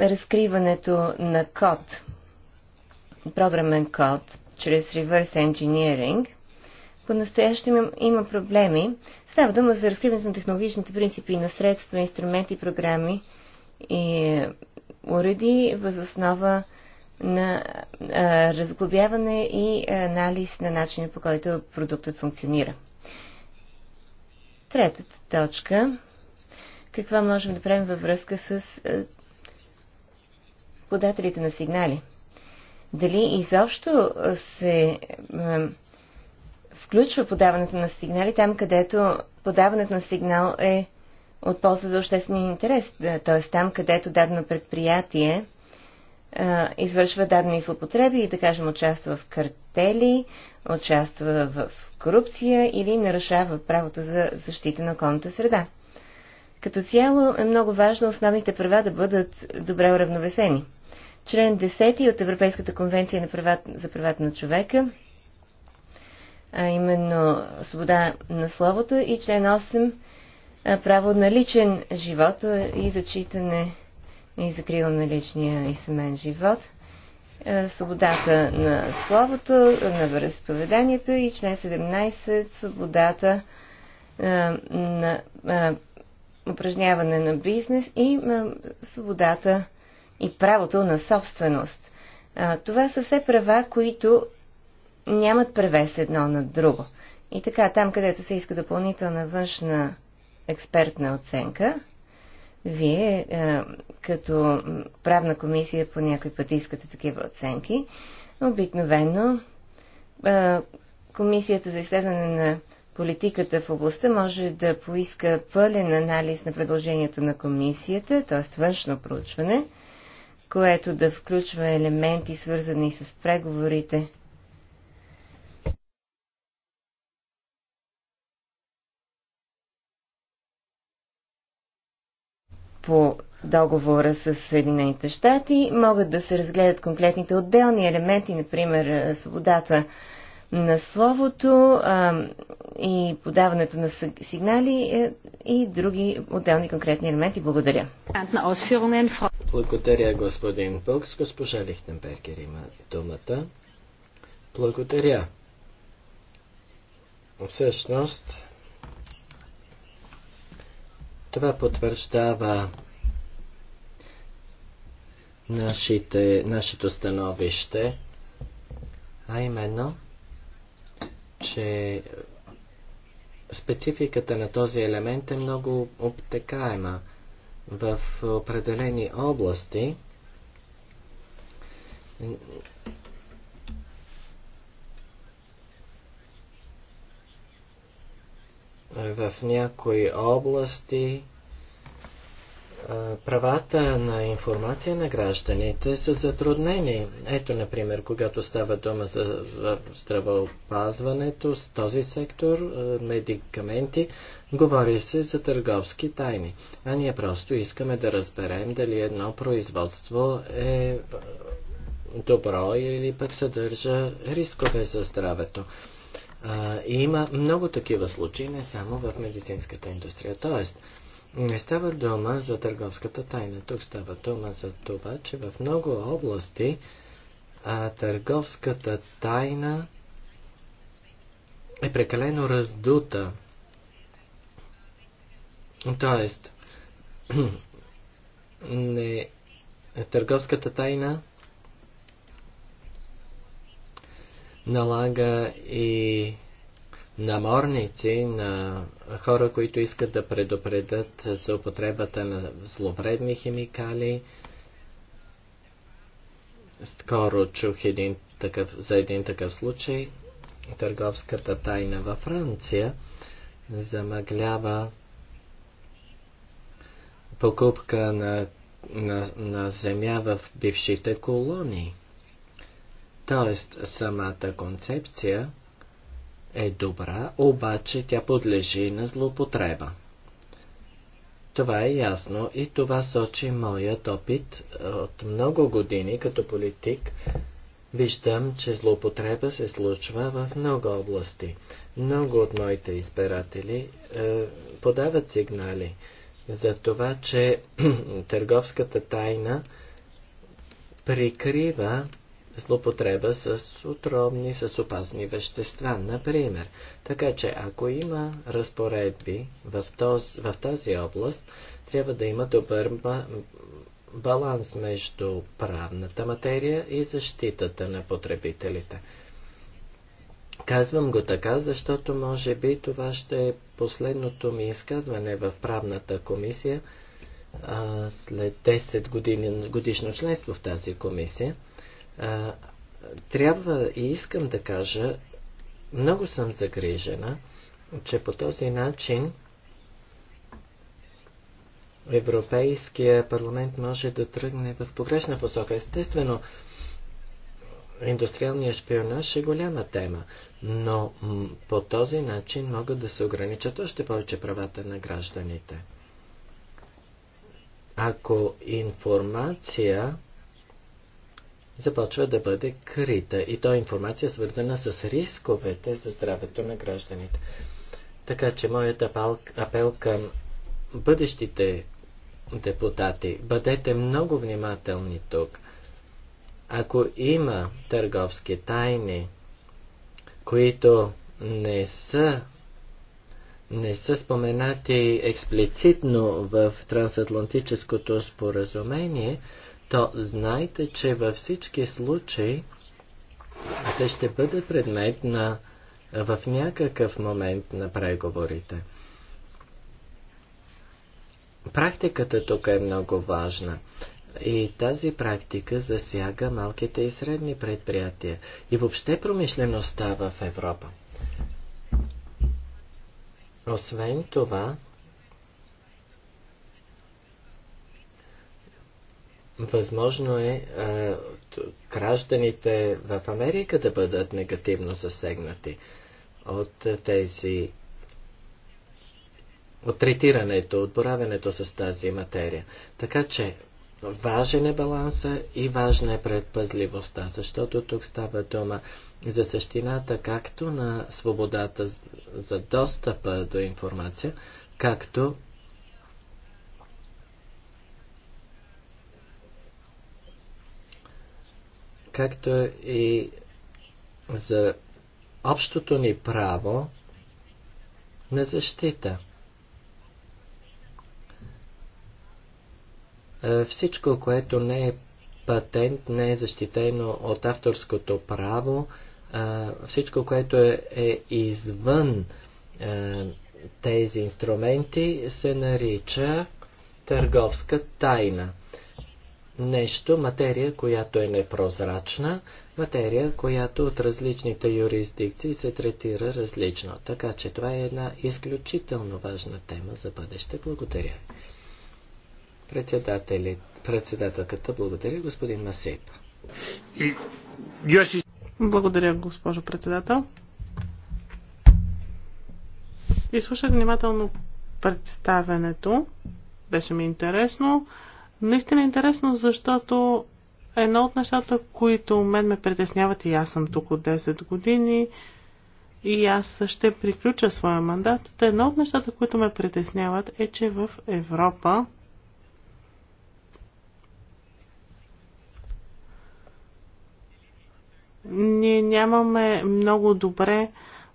разкриването на код, програмен код, чрез reverse engineering, по-настоящем има, има проблеми. Става дума за разкриването на технологичните принципи на средства, инструменти, програми и е, уреди възоснова на а, разглобяване и анализ на начина по който продуктът функционира. Третата точка. Какво можем да правим във връзка с а, подателите на сигнали? Дали изобщо се а, включва подаването на сигнали там, където подаването на сигнал е от полза за обществения интерес, т.е. там, където дадено предприятие извършва дадени злопотреби и, да кажем, участва в картели, участва в корупция или нарушава правото за защита на околната среда. Като цяло е много важно основните права да бъдат добре уравновесени. Член 10 от Европейската конвенция на права, за правата на човека, а именно свобода на словото и член 8 право на личен живот и зачитане и закрила на личния и семен живот, е, свободата на словото, на вероисповеданието и член 17 свободата е, на е, упражняване на бизнес и свободата и правото на собственост. Това са все права, които нямат превес едно на друго. И така, там, където се иска допълнителна външна експертна оценка, вие е, като правна комисия по някой път искате такива оценки. Обикновено е, Комисията за изследване на политиката в областта може да поиска пълен анализ на предложението на комисията, т.е. външно проучване, което да включва елементи, свързани с преговорите по договора с Съединените щати. Могат да се разгледат конкретните отделни елементи, например е, свободата на словото а, и подаването на сигнали е, и други отделни конкретни елементи. Благодаря. Благодаря, господин Пълкс. Госпожа Лихтенбергер има думата. Благодаря. Всъщност, това потвърждава нашите, нашето становище, а именно, че спецификата на този елемент е много обтекаема. В определени области в някои области правата на информация на гражданите са затруднени. Ето, например, когато става дума за здравеопазването, с този сектор, медикаменти, говори се за търговски тайни. А ние просто искаме да разберем дали едно производство е добро или пък съдържа рискове за здравето. А, и има много такива случаи, не само в медицинската индустрия. Тоест, не става дума за търговската тайна. Тук става дума за това, че в много области а, търговската тайна е прекалено раздута. Тоест, не, търговската тайна налага и наморници на хора, които искат да предупредят за употребата на зловредни химикали. Скоро чух един такъв, за един такъв случай. Търговската тайна във Франция замъглява покупка на, на, на земя в бившите колонии. Т.е. самата концепция е добра, обаче тя подлежи на злоупотреба. Това е ясно и това сочи моят опит от много години като политик. Виждам, че злоупотреба се случва в много области. Много от моите избиратели е, подават сигнали за това, че търговската тайна прикрива злопотреба с отровни, с опасни вещества, например. Така че, ако има разпоредби в, този, в тази област, трябва да има добър баланс между правната материя и защитата на потребителите. Казвам го така, защото може би това ще е последното ми изказване в правната комисия а, след 10 години, годишно членство в тази комисия трябва и искам да кажа, много съм загрижена, че по този начин Европейския парламент може да тръгне в погрешна посока. Естествено, индустриалният шпионаж е голяма тема, но по този начин могат да се ограничат още повече правата на гражданите. Ако информация започва да бъде крита и то е информация свързана с рисковете за здравето на гражданите. Така че моят апел, апел към бъдещите депутати, бъдете много внимателни тук. Ако има търговски тайни, които не са не са споменати експлицитно в трансатлантическото споразумение, то знайте, че във всички случаи те ще бъдат предмет на в някакъв момент на преговорите. Практиката тук е много важна. И тази практика засяга малките и средни предприятия и въобще промишлеността в Европа. Освен това, Възможно е а, е, гражданите в Америка да бъдат негативно засегнати от е, тези от третирането, от боравенето с тази материя. Така че важен е баланса и важна е предпазливостта, защото тук става дума за същината както на свободата за достъпа до информация, както както и за общото ни право на защита. Е, всичко, което не е патент, не е защитено от авторското право, е, всичко, което е, е извън тези инструменти, се нарича търговска тайна нещо, материя, която е непрозрачна, материя, която от различните юрисдикции се третира различно. Така че това е една изключително важна тема за бъдеще. Благодаря. председателката, благодаря, господин Масейп. Благодаря, госпожо председател. Изслушах внимателно представенето. Беше ми интересно. Наистина е интересно, защото едно от нещата, които мен ме притесняват и аз съм тук от 10 години и аз ще приключа своя мандат, едно от нещата, които ме притесняват е, че в Европа ние нямаме много добре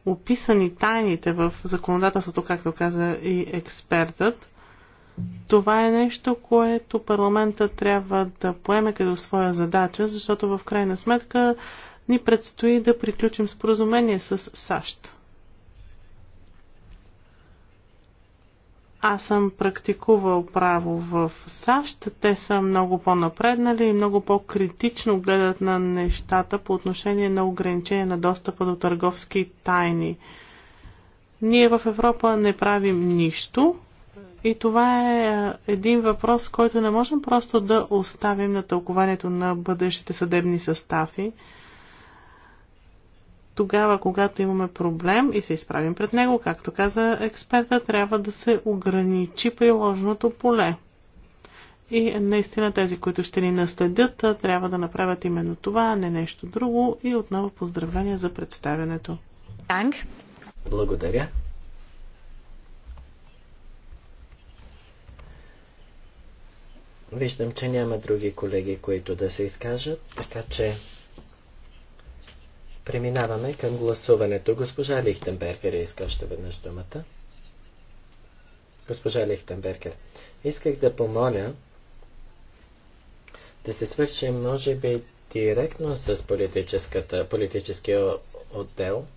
описани тайните в законодателството, както каза и експертът. Това е нещо, което парламента трябва да поеме като своя задача, защото в крайна сметка ни предстои да приключим споразумение с САЩ. Аз съм практикувал право в САЩ. Те са много по-напреднали и много по-критично гледат на нещата по отношение на ограничение на достъпа до търговски тайни. Ние в Европа не правим нищо, и това е, е един въпрос, който не можем просто да оставим на тълкованието на бъдещите съдебни състави. Тогава, когато имаме проблем и се изправим пред него, както каза експерта, трябва да се ограничи приложното поле. И наистина тези, които ще ни наследят, трябва да направят именно това, а не нещо друго. И отново поздравления за представянето. Благодаря. Виждам, че няма други колеги, които да се изкажат, така че преминаваме към гласуването. Госпожа Лихтенбергер е иска още веднъж думата. Госпожа Лихтенбергер, исках да помоля да се свършим, може би, директно с политическия отдел –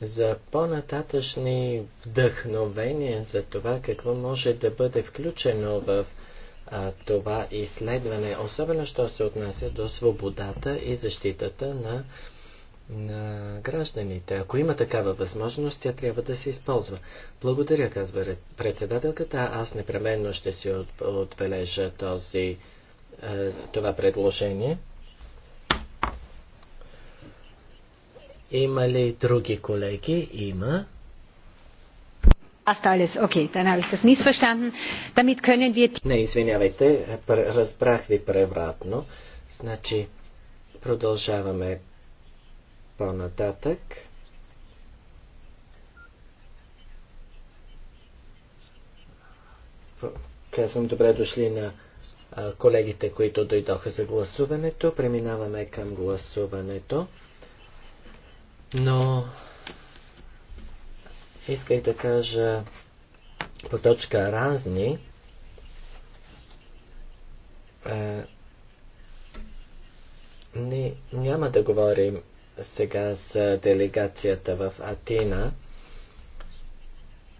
за по-нататъчни вдъхновения за това какво може да бъде включено в а, това изследване, особено що се отнася до свободата и защитата на, на гражданите. Ако има такава възможност, тя трябва да се използва. Благодаря, казва председателката. Аз непременно ще си отбележа този, е, това предложение. Има ли други колеги? Има. Fast alles. Okay, dann habe ich das missverstanden. Damit können ви... Не, извинявайте, разбрах ви превратно. Значи, продължаваме по-нататък. Казвам добре дошли на колегите, които дойдоха за гласуването. Преминаваме към гласуването. Но исках да кажа по точка разни. Е, не, няма да говорим сега за делегацията в Атина,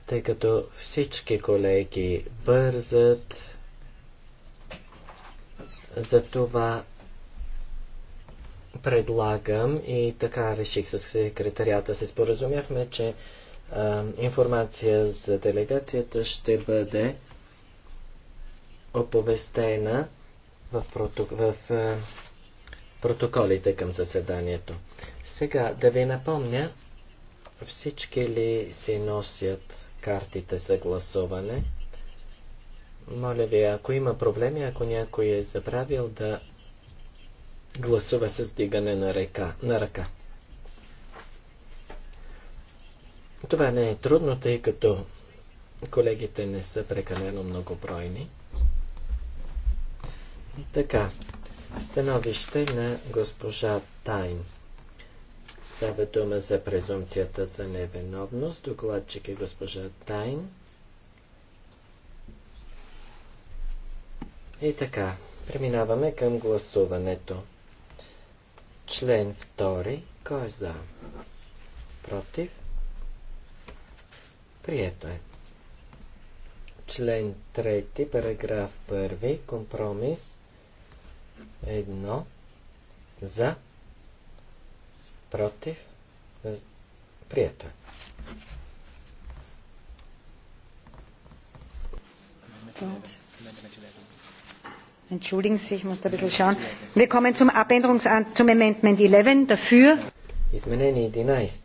тъй като всички колеги бързат, за това предлагам и така реших с секретарията. Се споразумяхме, че а, информация за делегацията ще бъде оповестена в, проток... в а, протоколите към заседанието. Сега да ви напомня, всички ли си носят картите за гласуване? Моля ви, ако има проблеми, ако някой е забравил да гласува с дигане на, река, на ръка. Това не е трудно, тъй като колегите не са прекалено многобройни. Така, становище на госпожа Тайн. Става дума за презумцията за невиновност. Докладчик е госпожа Тайн. И така, преминаваме към гласуването. Член втори. Кой е за? Против? Прието е. Член трети. параграф първи. компромис Едно. За? Против? Прието е. Amendment 11. Entschuldigen Sie, ich muss da ein bisschen schauen. Wir kommen zum Abänderungsantrag, zum Amendment 11. Dafür. Изменение 11.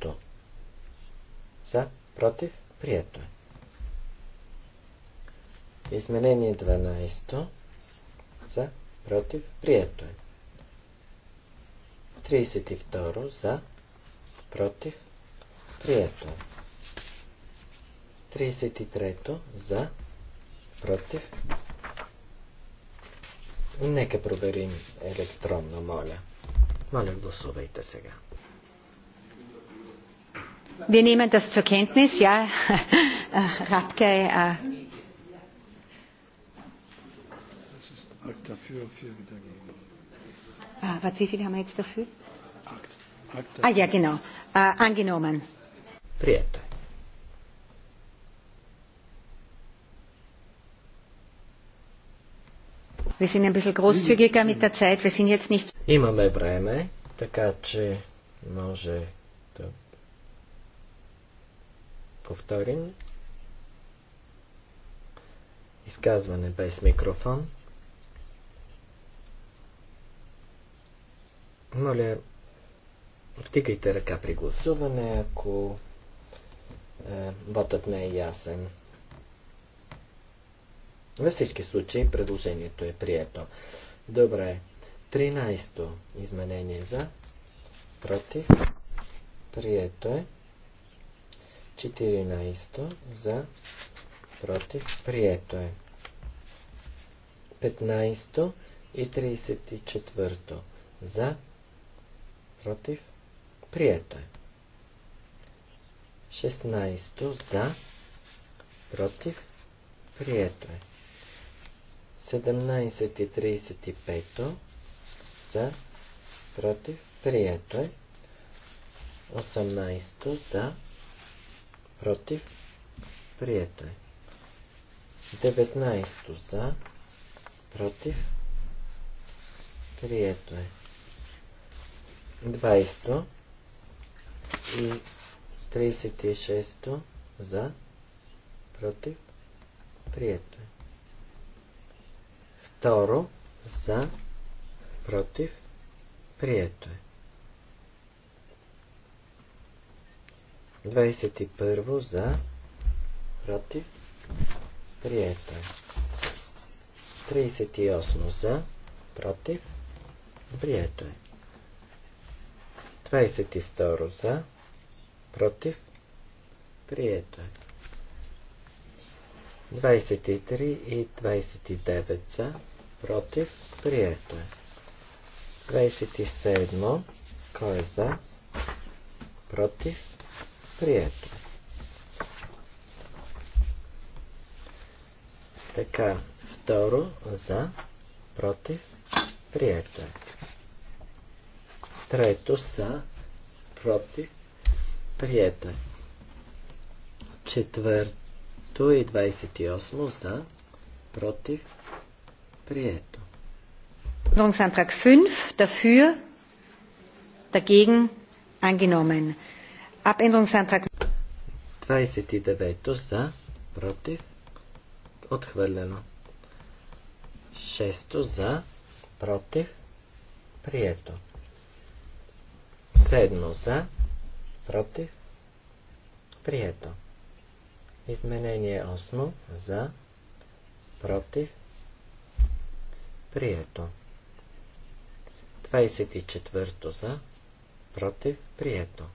За, против, прието е. Изменение 12. За, против, прието е. 32. За, против, прието е. 33. За, против, Нека проверим електронно, моля. Моля, гласувайте сега. Wir nehmen das zur Kenntnis, ja. Radke, äh. Dafür, vier dagegen. Ah, was, wie viel haben wir jetzt dafür? Acht. Acht ah ja, genau. Äh, angenommen. Prieto. Имаме време, така че може да повторим. Изказване без микрофон. Моля, втикайте ръка при гласуване, ако е, не е ясен. Във всички случаи предложението е прието. Добре. 13-то изменение за, против, прието е. 14-то за, против, прието е. 15-то и 34-то за, против, прието е. 16-то за, против, прието е. 17 и 35 за, против, прието е. 18 за, против, прието е. 19 за, против, прието е. 20 и 36 за, против, прието е. Второ, за, против, прието е. 21 за, против, прието е. 38 за, против, прието е. 22 за, против, прието е. 23 и 29 за, против, прието е. 27. Кой е за? Против, прието е. Така, второ, за, против, прието е. Трето, са, против, прието е. Четвърто и 28 за, против, Прието. Änderungsantrag 5 dafür, dagegen angenommen. Abänderungsantrag 29 за, против, отхвърлено. 6 за, против, прието. 7 за, против, прието. Изменение 8 за, против, Прието. 24 за. Против. Прието.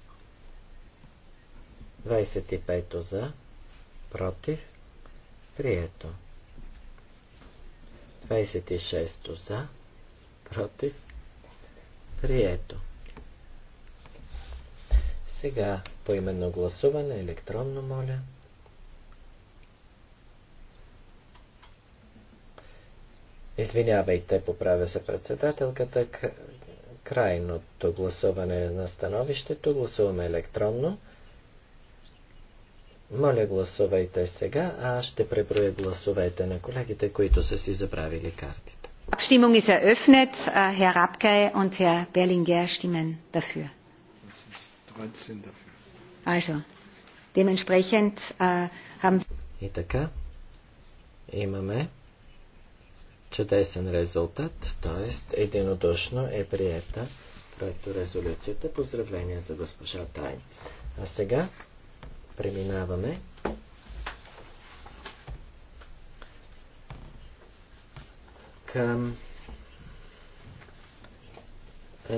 25 то за. Против. Прието. 26 за. Против. Прието. Сега поименно гласуване, електронно моля. Извинявайте, поправя се председателката. Крайното гласуване на становището гласуваме електронно. Моля, гласувайте сега, а аз ще преброя гласовете на колегите, които са си забравили картите. Abstimmung ist eröffnet. Äh, Herr Rabkay und Herr Berlinguer stimmen dafür. Also, dementsprechend äh, haben... И така, имаме Чудесен резултат, т.е. единодушно е приета проекто резолюцията. Поздравления за госпожа Тайн. А сега преминаваме към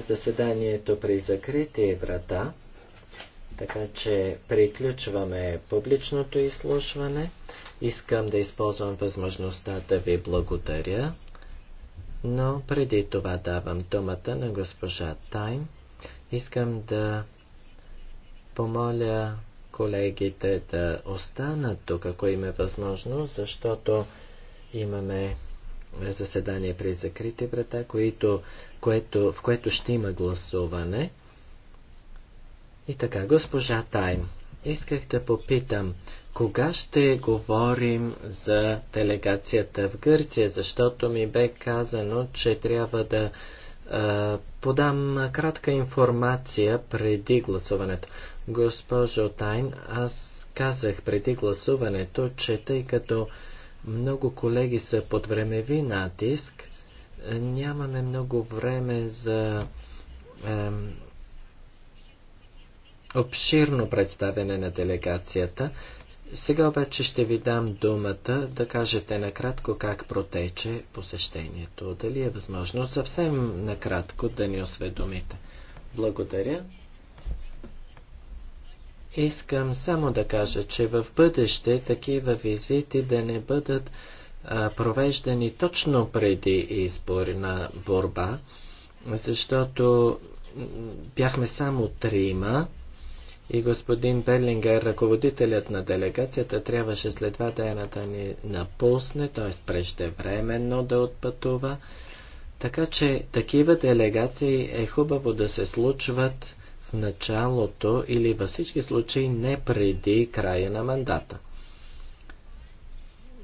заседанието при закрити врата, така че приключваме публичното изслушване. Искам да използвам възможността да ви благодаря, но преди това давам думата на госпожа Тайм. Искам да помоля колегите да останат тук, ако има е възможност, защото имаме заседание при закрити врата, което, което, в което ще има гласуване. И така, госпожа Тайм, исках да попитам, кога ще говорим за делегацията в Гърция? Защото ми бе казано, че трябва да е, подам кратка информация преди гласуването. Госпожо Тайн, аз казах преди гласуването, че тъй като много колеги са под времеви натиск, нямаме много време за е, обширно представяне на делегацията. Сега обаче ще ви дам думата да кажете накратко как протече посещението. Дали е възможно съвсем накратко да ни осведомите. Благодаря. Искам само да кажа, че в бъдеще такива визити да не бъдат а, провеждани точно преди избор на борба, защото бяхме само трима и господин Берлингер, ръководителят на делегацията, трябваше след два дена да ни напусне, т.е. преждевременно да отпътува. Така че такива делегации е хубаво да се случват в началото или във всички случаи не преди края на мандата.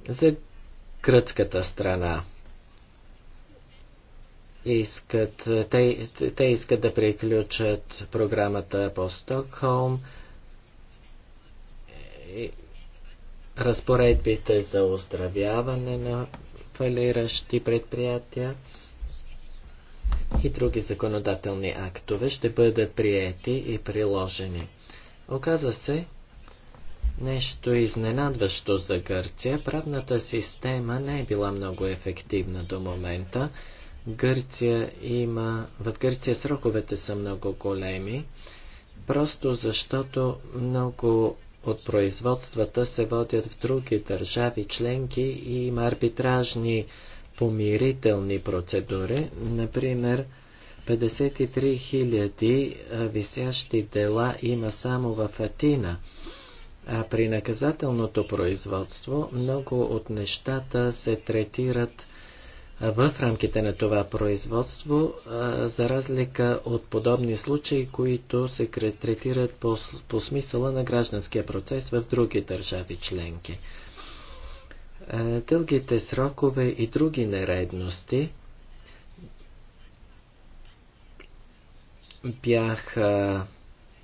За гръцката страна искат, те, те искат да приключат програмата по Стокхолм. Разпоредбите за оздравяване на фалиращи предприятия и други законодателни актове ще бъдат приети и приложени. Оказа се нещо изненадващо за Гърция. Правната система не е била много ефективна до момента. Гърция има, в Гърция сроковете са много големи, просто защото много от производствата се водят в други държави членки и има арбитражни помирителни процедури, например 53 000 висящи дела има само в Атина. А при наказателното производство много от нещата се третират в рамките на това производство, за разлика от подобни случаи, които се третират по, по смисъла на гражданския процес в други държави членки. Дългите срокове и други нередности бяха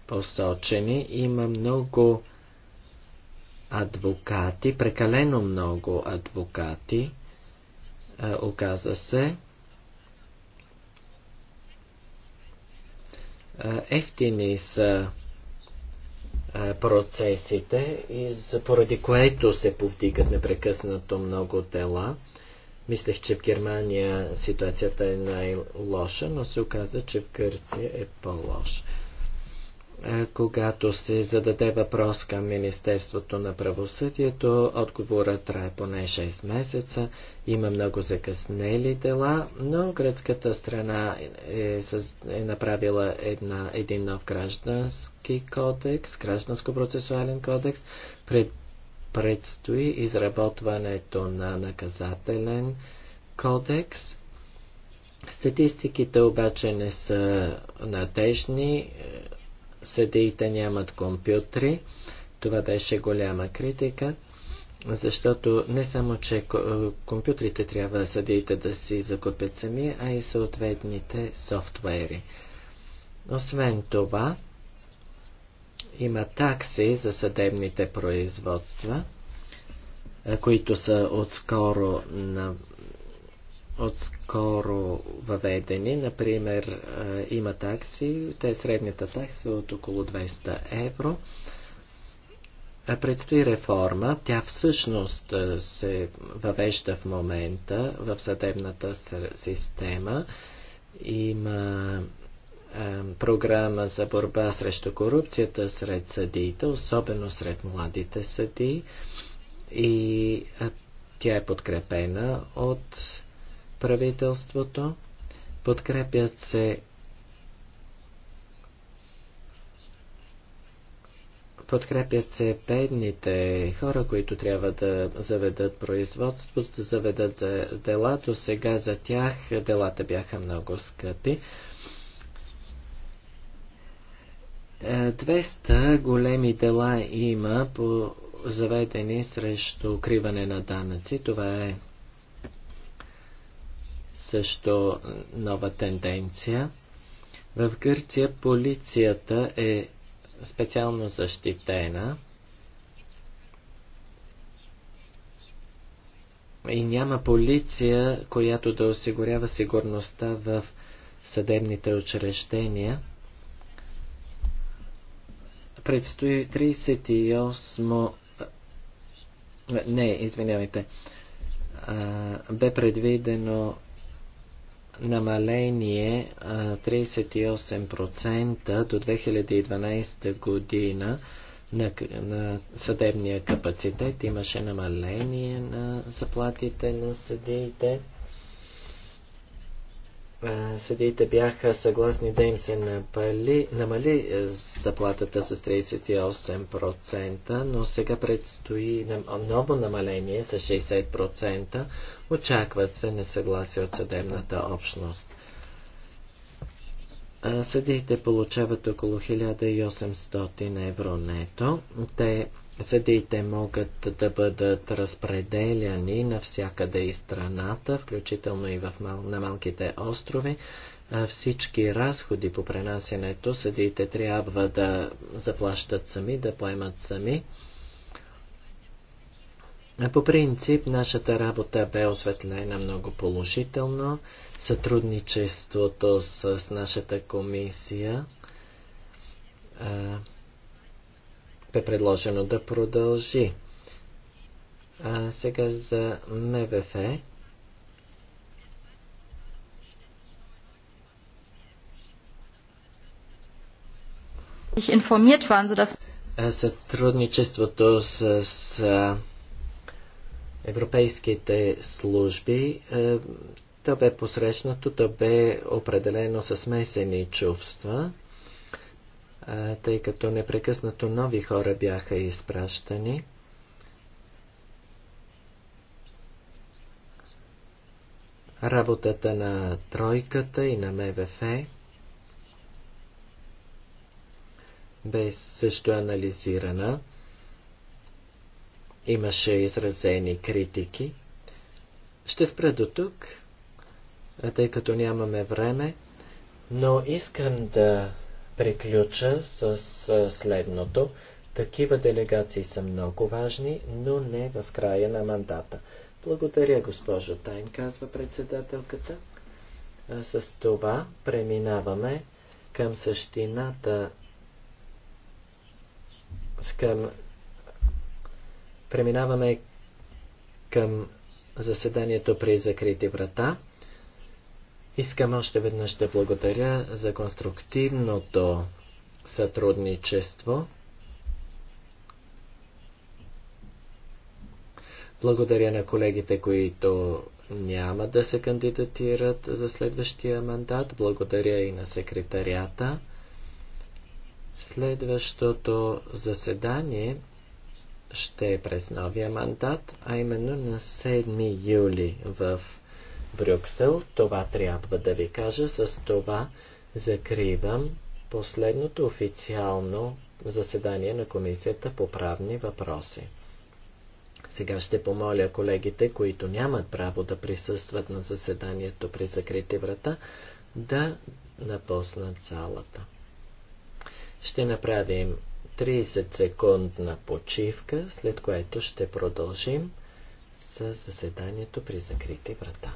посочени. Има много адвокати, прекалено много адвокати, е, оказа се е, ефтини са е, процесите и поради което се повдигат непрекъснато много дела. Мислех, че в Германия ситуацията е най-лоша, но се оказа, че в Гърция е по-лоша когато се зададе въпрос към Министерството на правосъдието, отговорът трае поне 6 месеца, има много закъснели дела, но гръцката страна е, е направила една, един нов граждански кодекс, гражданско-процесуален кодекс, пред, предстои изработването на наказателен кодекс. Статистиките обаче не са надежни съдиите нямат компютри. Това беше голяма критика, защото не само, че компютрите трябва съдиите да си закупят сами, а и съответните софтуери. Освен това, има такси за съдебните производства, които са отскоро на отскоро въведени. Например, има такси, те средната такса е от около 200 евро. Предстои реформа. Тя всъщност се въвежда в момента в съдебната система. Има програма за борба срещу корупцията сред съдиите, особено сред младите съдии. И тя е подкрепена от правителството, подкрепят се подкрепят се бедните хора, които трябва да заведат производство, да заведат за дела. До сега за тях делата бяха много скъпи. 200 е, големи дела има по заведени срещу укриване на данъци. Това е също нова тенденция. В Гърция полицията е специално защитена и няма полиция, която да осигурява сигурността в съдебните учреждения. Предстои 38 не, извинявайте, а, бе предвидено намаление 38% до 2012 година на, на съдебния капацитет. Имаше намаление на заплатите на съдиите съдиите бяха съгласни да им се напали, намали е, заплатата с 38%, но сега предстои ново намаление с 60%. Очакват се несъгласи от съдебната общност. Съдиите получават около 1800 евро нето. Те Съдиите могат да бъдат разпределяни навсякъде и страната, включително и в мал... на малките острови. Всички разходи по пренасенето съдиите трябва да заплащат сами, да поемат сами. По принцип, нашата работа бе осветлена много положително. Сътрудничеството с, с нашата комисия бе предложено да продължи. А сега за МВФ. Сътрудничеството с, с европейските служби то бе посрещнато, то бе определено с смесени чувства тъй като непрекъснато нови хора бяха изпращани. Работата на тройката и на МВФ бе също анализирана. Имаше изразени критики. Ще спра до тук, тъй като нямаме време, но искам да приключа с следното. Такива делегации са много важни, но не в края на мандата. Благодаря, госпожо Тайн, казва председателката. А с това преминаваме към същината, към... преминаваме към заседанието при закрити врата. Искам още веднъж да благодаря за конструктивното сътрудничество. Благодаря на колегите, които няма да се кандидатират за следващия мандат. Благодаря и на секретарията. Следващото заседание ще е през новия мандат, а именно на 7 юли в Брюксел. Това трябва да ви кажа. С това закривам последното официално заседание на Комисията по правни въпроси. Сега ще помоля колегите, които нямат право да присъстват на заседанието при закрити врата, да напуснат залата. Ще направим 30 секундна почивка, след което ще продължим с заседанието при закрити врата.